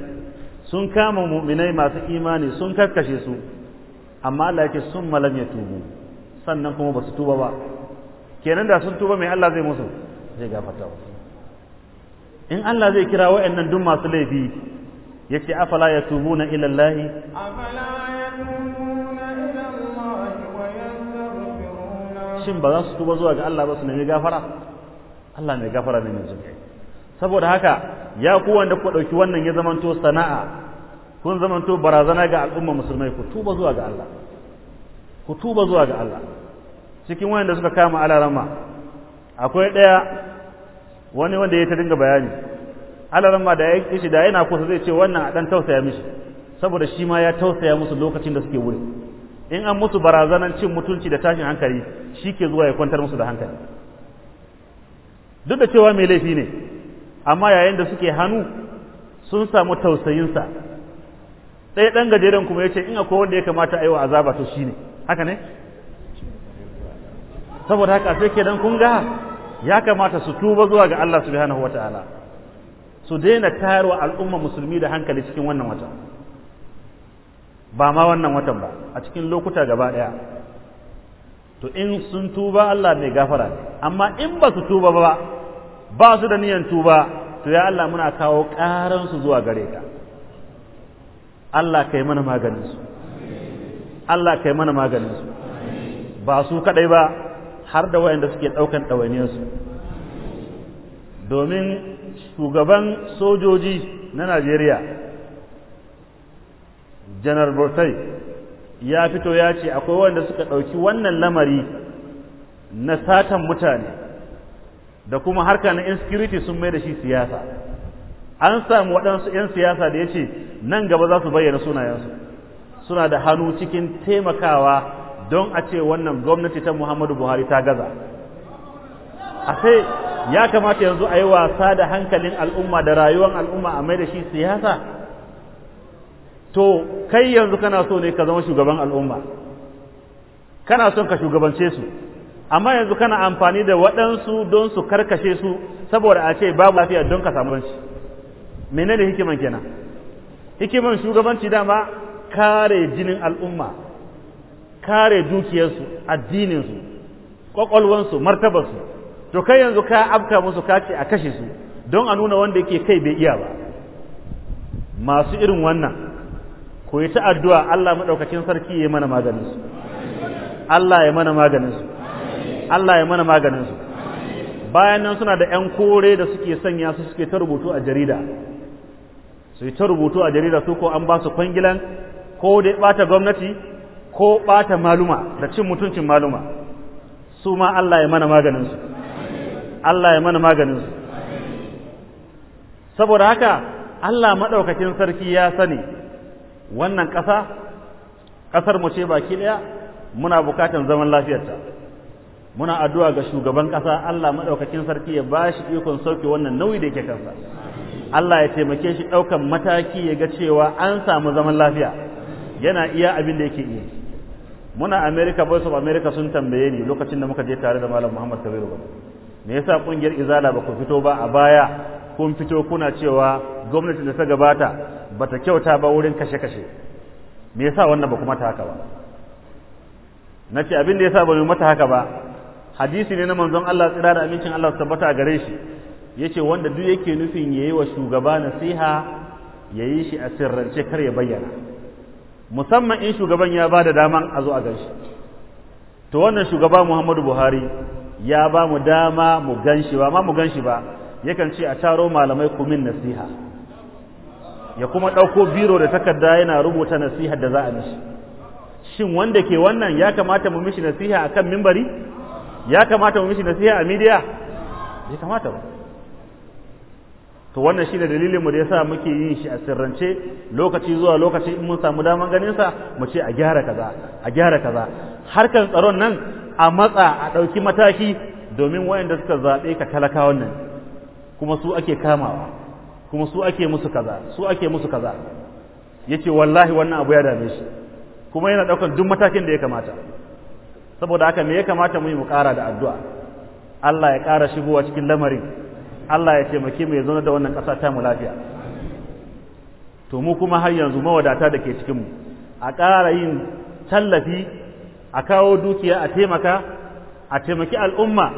sun kama mu'minai masu imani sun karkashe su amma Allah yake sun malam ya tubu sannan kuma ba su tuba ba kenan da sun tuba mai Allah zai musu zai gafarta musu in Allah zai kira wa'annan duk masu laifi ce afala yatubuna ila Allah afala shin ba za su tuba zuwa ga Allah ba su nemi gafara Allah mai gafara ne mai jinkai saboda haka ya ku wanda ku dauki wannan ya zamanto sana'a kun zamanto barazana ga al'umma musulmai ku tuba zuwa ga Allah ku tuba zuwa ga Allah cikin wanda suka kama alarama akwai daya wani wanda ya ta dinga bayani alarama da ya kishi da yana kusa zai ce wannan a dan tausaya mishi saboda shi ma ya tausaya musu lokacin da suke wuri. in an musu barazanan cin mutunci da tashin hankali shi ke zuwa ya kwantar musu da hankali duk da cewa mai laifi ne amma yayin da suke hannu sun samu tausayinsa ɗaya ɗan gajeren kuma ya ce in akwai wanda ya kamata a yi wa azaba to shi ne haka ne saboda haka sai ke dan kun ya kamata su tuba zuwa ga Allah subhanahu wataala su daina wa al'umma musulmi da hankali cikin wannan wata ba ma wannan watan ba a cikin lokuta gaba ɗaya to in sun tuba Allah mai gafara amma in ba su tuba ba ba su da niyan tuba to ya Allah muna kawo ƙaransu zuwa gare ka Allah kai mana maganinsu Allah kai mana maganinsu ba su kadai ba har da waɗanda suke ɗaukan ɗawainiyarsu domin shugaban sojoji na Najeriya janar burtai ya fito ya ce akwai wanda suka ɗauki wannan lamari na satan mutane da kuma harka na insecurity sun mai da shi siyasa an samu waɗansu 'yan siyasa da ya ce nan gaba za su bayyana sunayensu suna da hannu cikin taimakawa don a ce wannan gwamnati ta muhammadu buhari ta gaza a sai ya kamata yanzu a yi wasa da hankalin al'umma da rayuwar al'umma a mai da shi siyasa to kai yanzu kana so ne ka zama shugaban al'umma kana son ka shugabance su amma yanzu kana amfani da waɗansu don su karkashe su saboda a ce babu lafiya don ka samu banci menene hikiman kenan hikiman shugabanci dama kare jinin al'umma kare dukiyarsu addininsu kwakwalwansu martabarsu to kai yanzu ka abka musu ka a kashe su don a nuna wanda yake kai bai iya ba masu irin wannan ku yi ta addu'a Allah maɗaukacin sarki ya mana maganinsu. Allah ya mana maganinsu. Allah ya mana maganinsu. bayan nan suna da ‘yan kore da suke sanya su suke ta rubutu a jarida su yi ta rubutu a jarida su ko an ba su kwangilan ko dai ɓata gwamnati ko ɓata maluma da cin mutuncin maluma su ma Allah ya mana maganinsu. Allah ya mana maganinsu. saboda haka Allah maɗaukacin sarki ya sani wannan ƙasa ƙasar mu ce baki ɗaya muna bukatar zaman lafiyarta muna addu'a ga shugaban ƙasa Allah maɗaukakin sarki ya ba shi ikon sauke wannan nauyi da yake kansa Allah ya taimake shi ɗaukan mataki ya ga cewa an samu zaman lafiya yana iya abin da yake iya muna America Voice of America sun tambaye ni lokacin da muka je tare da Malam Muhammad Kabiru ba me yasa kungiyar Izala ba ku fito ba a baya kun fito kuna cewa gwamnati da ta gabata bata kyauta ba wurin kashe-kashe me yasa wannan ba kuma ta haka ba na abin da yasa ba mu mata haka ba hadisi ne na manzon Allah tsira da amincin Allah su tabbata a gare shi yace wanda duk yake nufin yayi wa shugaba nasiha yayi shi a sirrance kar ya bayyana musamman in shugaban ya ba da daman a zo a ganshi to wannan shugaba Muhammadu Buhari ya ba mu dama mu ganshi ba ma mu ganshi ba yakan ce a taro malamai kumin nasiha ya kuma ɗauko biro da takarda yana rubuta nasihar da za a mishi shin wanda ke wannan ya kamata mu mishi nasiha a kan mimbari ya kamata mu mishi nasiha a midiya ya kamata ba to wannan shi da dalilinmu da ya sa muke yin shi a sirrance lokaci zuwa lokaci in mun samu daman ganinsa mu ce a gyara kaza a gyara kaza harkan tsaron nan a matsa a ɗauki mataki domin wayanda suka zaɓe ka talaka wannan kuma su ake kamawa kuma su ake musu kaza su ake musu kaza yace wallahi wannan abu ya dame shi kuma yana ɗaukar duk matakin da ya kamata saboda haka me ya kamata mu yi mu ƙara da addu'a Allah ya ƙara shigowa cikin lamarin Allah ya taimake mu ya zauna da wannan ƙasa ta mu lafiya to mu kuma har yanzu mawadata da ke cikin mu a ƙara yin tallafi a kawo dukiya a taimaka a taimaki al'umma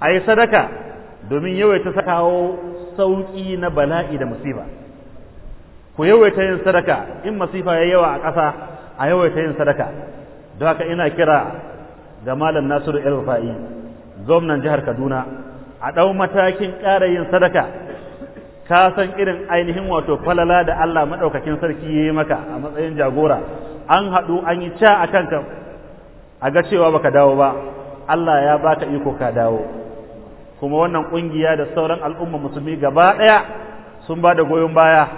a yi sadaka domin ta kawo sauƙi na bala'i da musifa ku yawaita yin sadaka in masifa ya yawa a ƙasa a yawaita yin sadaka don haka ina kira ga malam nasiru el rufa'i gwamnan jihar kaduna a ɗau matakin ƙara yin sadaka ka san irin ainihin wato falala da allah maɗaukakin sarki ya yi maka a matsayin jagora an haɗu an yi ca a kanka a ga cewa baka dawo ba allah ya baka iko ka dawo kuma wannan ƙungiya da sauran al'umma musulmi gaba ɗaya sun ba da goyon baya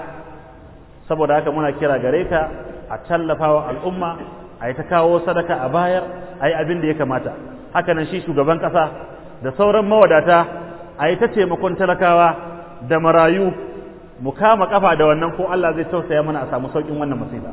saboda haka muna kira gare ka a tallafawa al'umma a yi ta kawo sadaka a bayar a yi abin da ya kamata haka nan shi shugaban ƙasa da sauran mawadata a yi ta taimakon talakawa da marayu mu kama kafa da wannan ko Allah zai tausaya mana a samu saukin wannan musiba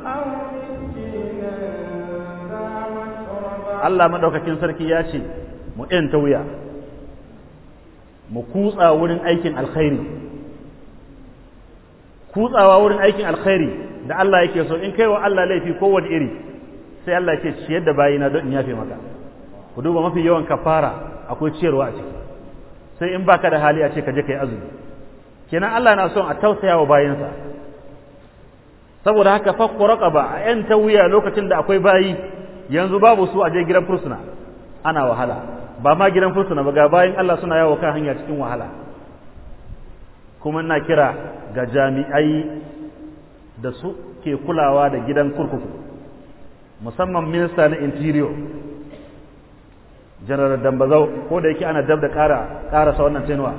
Allah madaukakin sarki ya ce mu ta wuya mu kutsa wurin aikin alkhairi kutsawa wurin aikin alkhairi da Allah yake so in kai wa Allah laifi kowane iri sai Allah yake ciyar da bayina don in yafe maka ku duba mafi yawan kafara akwai ciyarwa a ciki sai in baka da hali a ce ka je kai azumi kenan Allah na son a tausaya wa bayinsa saboda haka fakku raqaba a yan wuya lokacin da akwai bayi yanzu babu su a je gidan fursuna ana wahala ba ma gidan fursuna ba ga bayan Allah suna yawo kan hanya cikin wahala kuma ina kira ga jami'ai da su ke kulawa da gidan kurkuku musamman minista na interior general dambazau ko da yake ana dab kara karasa wannan tenuwa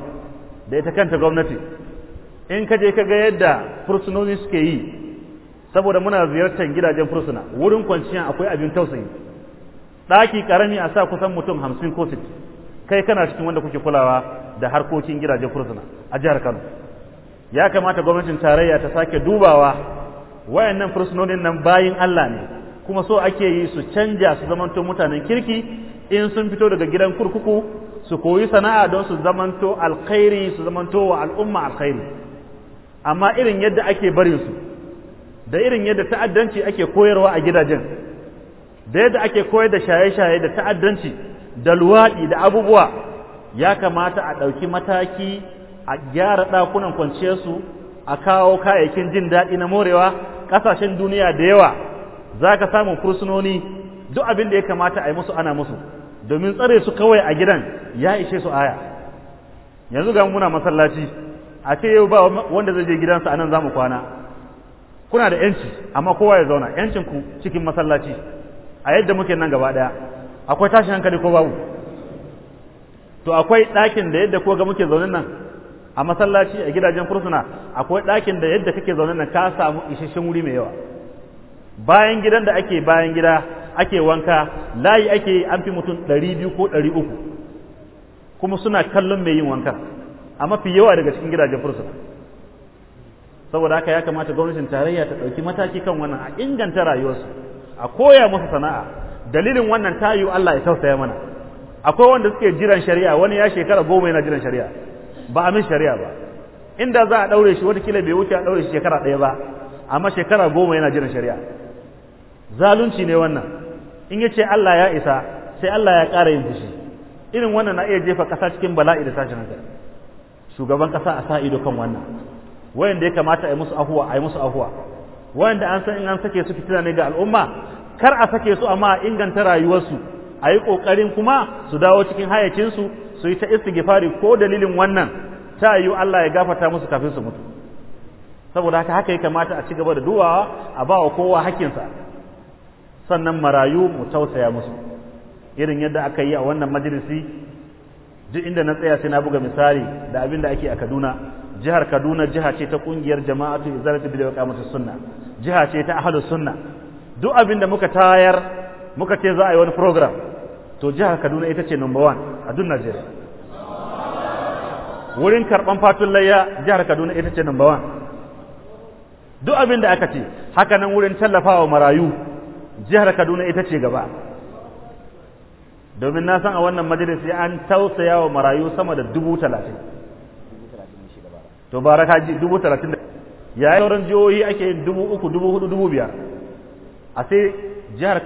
da ita kanta gwamnati in ka je ka ga yadda fursunoni suke yi saboda muna ziyartar gidajen fursuna wurin kwanciya akwai abin tausayi ɗaki karami a sa kusan mutum hamsin ko sittin kai kana cikin wanda kuke kulawa da harkokin gidajen fursuna a jihar kano ya kamata gwamnatin tarayya ta sake dubawa wayannan fursunonin nan bayin allah ne kuma so ake yi su canja su zamanto mutanen kirki in sun fito daga gidan kurkuku su koyi sana'a don su to alkhairi su zamanto wa al'umma alkhairi amma irin yadda ake barin su da irin yadda ta'addanci ake koyarwa a gidajen da yadda ake koyar da shaye-shaye da ta'addanci da luwaɗi da abubuwa ya kamata a ɗauki mataki a gyara ɗakunan kwanciyarsu a kawo kayayyakin jin daɗi na morewa ƙasashen duniya da yawa za ka samu fursunoni duk abin da ya kamata a yi musu ana musu domin tsare su kawai a gidan ya ishe su aya yanzu ga muna masallaci a ce yau ba wanda zai je gidansa anan za mu kwana kuna da yanci amma kowa ya zauna yancin ku cikin masallaci a yadda muke nan gaba daya akwai tashi hankali ko babu to akwai ɗakin da yadda ko ga muke zaune nan a masallaci a gidajen fursuna akwai ɗakin da yadda kake zaune nan ka samu isasshen wuri mai yawa bayan gidan da ake bayan gida ake wanka layi ake an fi mutum ɗari biyu ko ɗari uku kuma suna kallon mai yin wanka a mafi yawa daga cikin gidajen fursuna saboda haka ya kamata gwamnatin tarayya ta ɗauki mataki kan wannan a inganta rayuwarsu a koya musu sana'a dalilin wannan tayu Allah ya tausaya mana akwai wanda suke jiran shari'a wani ya shekara goma yana jiran shari'a ba a min shari'a ba inda za a ɗaure shi watakila bai wuce a daure shi shekara ɗaya ba amma shekara goma yana jiran shari'a zalunci ne wannan in ya ce Allah ya isa sai Allah ya ƙara yin fushi irin wannan na iya jefa ƙasa cikin bala'i da tashin hankali shugaban ƙasa a sa ido kan wannan wayanda ya kamata a yi musu ahuwa a yi musu ahuwa wayanda an san in an sake su fitina ne ga al'umma kar a sake su amma a inganta rayuwarsu a yi ƙoƙarin kuma su dawo cikin hayyacinsu su yi ta istighfari ko dalilin wannan ta yi Allah ya gafarta musu kafin su mutu saboda haka haka ya kamata a ci gaba da duwawa a ba wa kowa hakkinsa sannan marayu mu tausaya musu irin yadda aka yi a wannan majalisi duk inda na tsaya sai na buga misali da abin da ake a Kaduna jihar Kaduna jiha ce ta kungiyar jama'atu izalatu bil iqamati sunna jiha ce ta ahlus sunna duk abin da muka tayar muka ce za a yi wani program to jihar Kaduna ita ce number 1 a duk Najeriya wurin karban fatun layya jihar Kaduna ita ce number 1 duk abin da aka ce haka nan wurin tallafawa marayu jihar Kaduna ita ce gaba domin na san a wannan majalisi an tausaya wa marayu sama da dubu talatin to baraka ji dubu talatin da yayin sauran jihohi ake yin dubu uku dubu hudu dubu biyar a sai jihar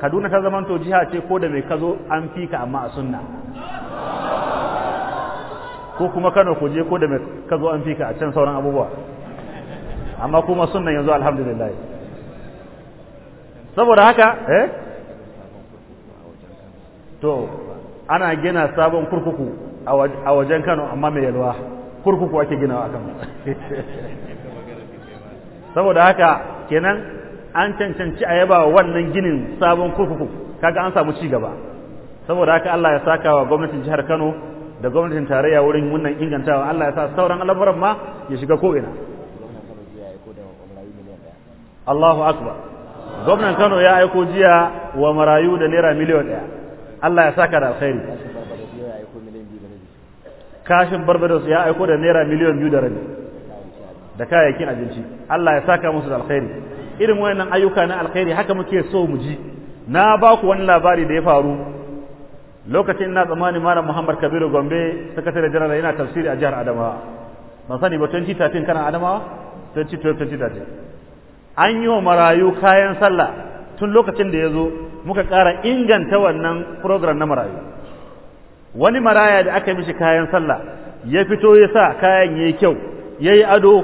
kaduna ta to jiha ce ko da mai kazo an fi ka amma a sunna ko kuma kano ku je ko da mai kazo an fi ka a can sauran abubuwa amma kuma sunnan yanzu alhamdulillah saboda haka eh to ana gina sabon kurkuku a wajen kano amma mai yalwa kurkuku ake ginawa akan saboda haka kenan an cancanci a yaba wannan ginin sabon kurkuku kaga an samu ci gaba saboda haka Allah ya saka wa gwamnatin jihar Kano da gwamnatin tarayya wurin wannan ingantawa Allah ya sa sauran al'amuran ma ya shiga ko ina Allahu akbar gwamnan Kano ya aiko jiya wa marayu da naira miliyan ɗaya Allah ya saka da alkhairi kashin barbados ya aiko da naira miliyan biyu da rabi da kayayyakin abinci Allah ya saka musu da alkhairi irin wayannan ayyuka na alkhairi haka muke so mu ji na ba ku wani labari da ya faru lokacin ina tsammani malam Muhammad Kabiru Gombe sakatare general yana tafsiri a jihar Adamawa ban sani ba 2013 kana Adamawa 2013 an yi wa marayu kayan sallah tun lokacin da ya zo muka ƙara inganta wannan program na marayu wani maraya da aka mishi kayan sallah ya fito ya sa kayan yayi kyau yayi ado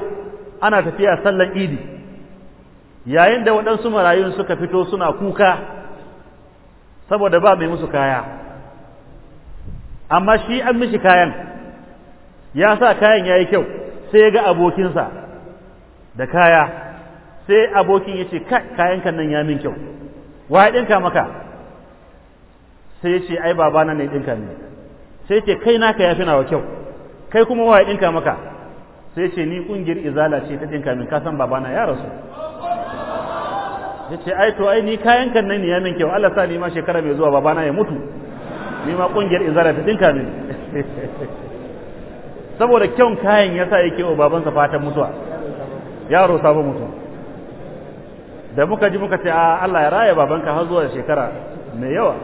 ana tafiya sallan idi yayin da waɗansu marayun suka fito suna kuka saboda ba mai musu kaya amma shi an mishi kayan ya sa kayan yayi kyau sai ya ga abokinsa da kaya sai abokin ya ce kayan kan nan ya min kyau wa ya ɗinka maka sai ya ce ai babana ne ɗinka ne sai ce kai naka yafi nawa kyau kai kuma wa dinka maka sai ce ni ƙungiyar izala ce ta dinka min ka san babana ya rasu yace ai to ai ni kayan kan nan ne ya min kyau Allah sa ni ma shekara mai zuwa babana ya mutu ni ma ƙungiyar izala ta dinka min saboda kyan kayan yasa yake wa babansa fatan mutuwa yaro sabon mutuwa da muka ji muka ce a Allah ya raya babanka har zuwa shekara mai yawa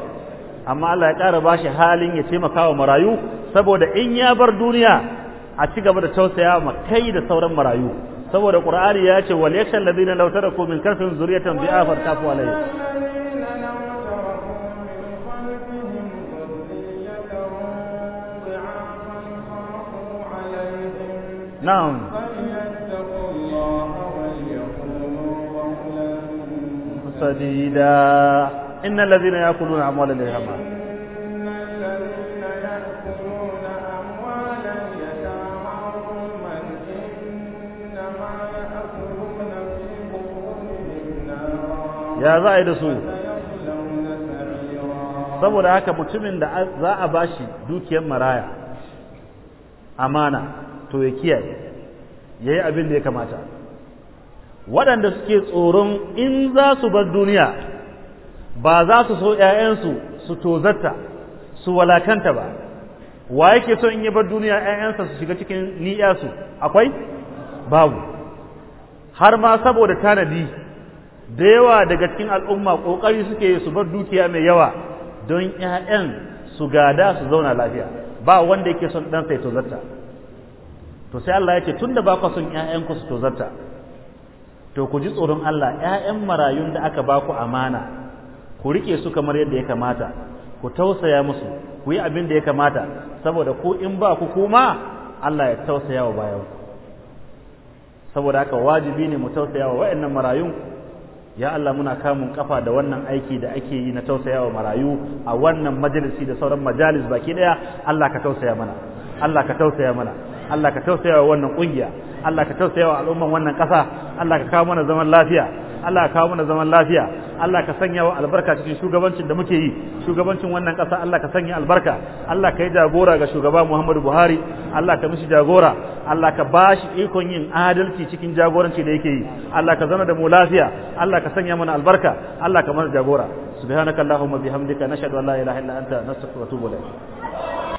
amma Allah ya ƙara ba shi halin ya taimaka wa marayu saboda in ya bar duniya a ci gaba da tausaya ma kai da sauran marayu saboda Qur'ani ya ce wal yakhshal ladina law taraku min kasrin zuriyatan bi afar kafu alayhi na'am sadida إن الذين يأكلون أموال اليتامى إن الذين يأكلون أموال اليتامى ظلما saboda haka mutumin da za a bashi dukiyar maraya amana to ya kiyaye yayi abin da ya kamata waɗanda suke tsoron in za su bar duniya ba za su so ‘ya'yansu su tozarta su walakanta ba wa yake so in yi bar duniya ‘ya'yansa su shiga cikin ni'yasu akwai babu har ma saboda tanadi da yawa daga cikin al'umma ƙoƙari suke su bar dukiya mai yawa don ‘ya'yan su gada su zauna lafiya ba wanda yake son ɗansa ya tozarta to sai Allah ya ce tun da ba ku son ‘ya'yanku su tozarta to ku ji tsoron Allah ‘ya'yan marayun da aka ba ku amana ku rike su kamar yadda ya kamata ku tausaya musu ku yi abin da ya kamata saboda ku in ba ku kuma Allah ya tausaya wa bayan saboda haka wajibi ne mu tausaya wa waɗannan marayun ya Allah muna kamun kafa da wannan aiki da ake yi na tausaya wa marayu a wannan majalisi da sauran majalis baki daya Allah ka tausaya mana Allah ka tausaya mana Allah ka tausaya wa wannan kungiya Allah ka tausaya wa al'umman wannan ƙasa Allah ka kawo mana zaman lafiya Allah ka kawo mana zaman lafiya Allah ka sanya wa albarka cikin shugabancin da muke yi shugabancin wannan ƙasa Allah ka sanya albarka Allah ka yi jagora ga shugaba Muhammadu Buhari Allah ka mishi jagora Allah ka bashi ikon yin adalci cikin jagoranci da yake yi Allah ka zama da mu lafiya Allah ka sanya mana albarka Allah ka mana jagora subhanakallahumma bihamdika nashhadu an la ilaha illa anta nastaghfiruka wa natubu ilayk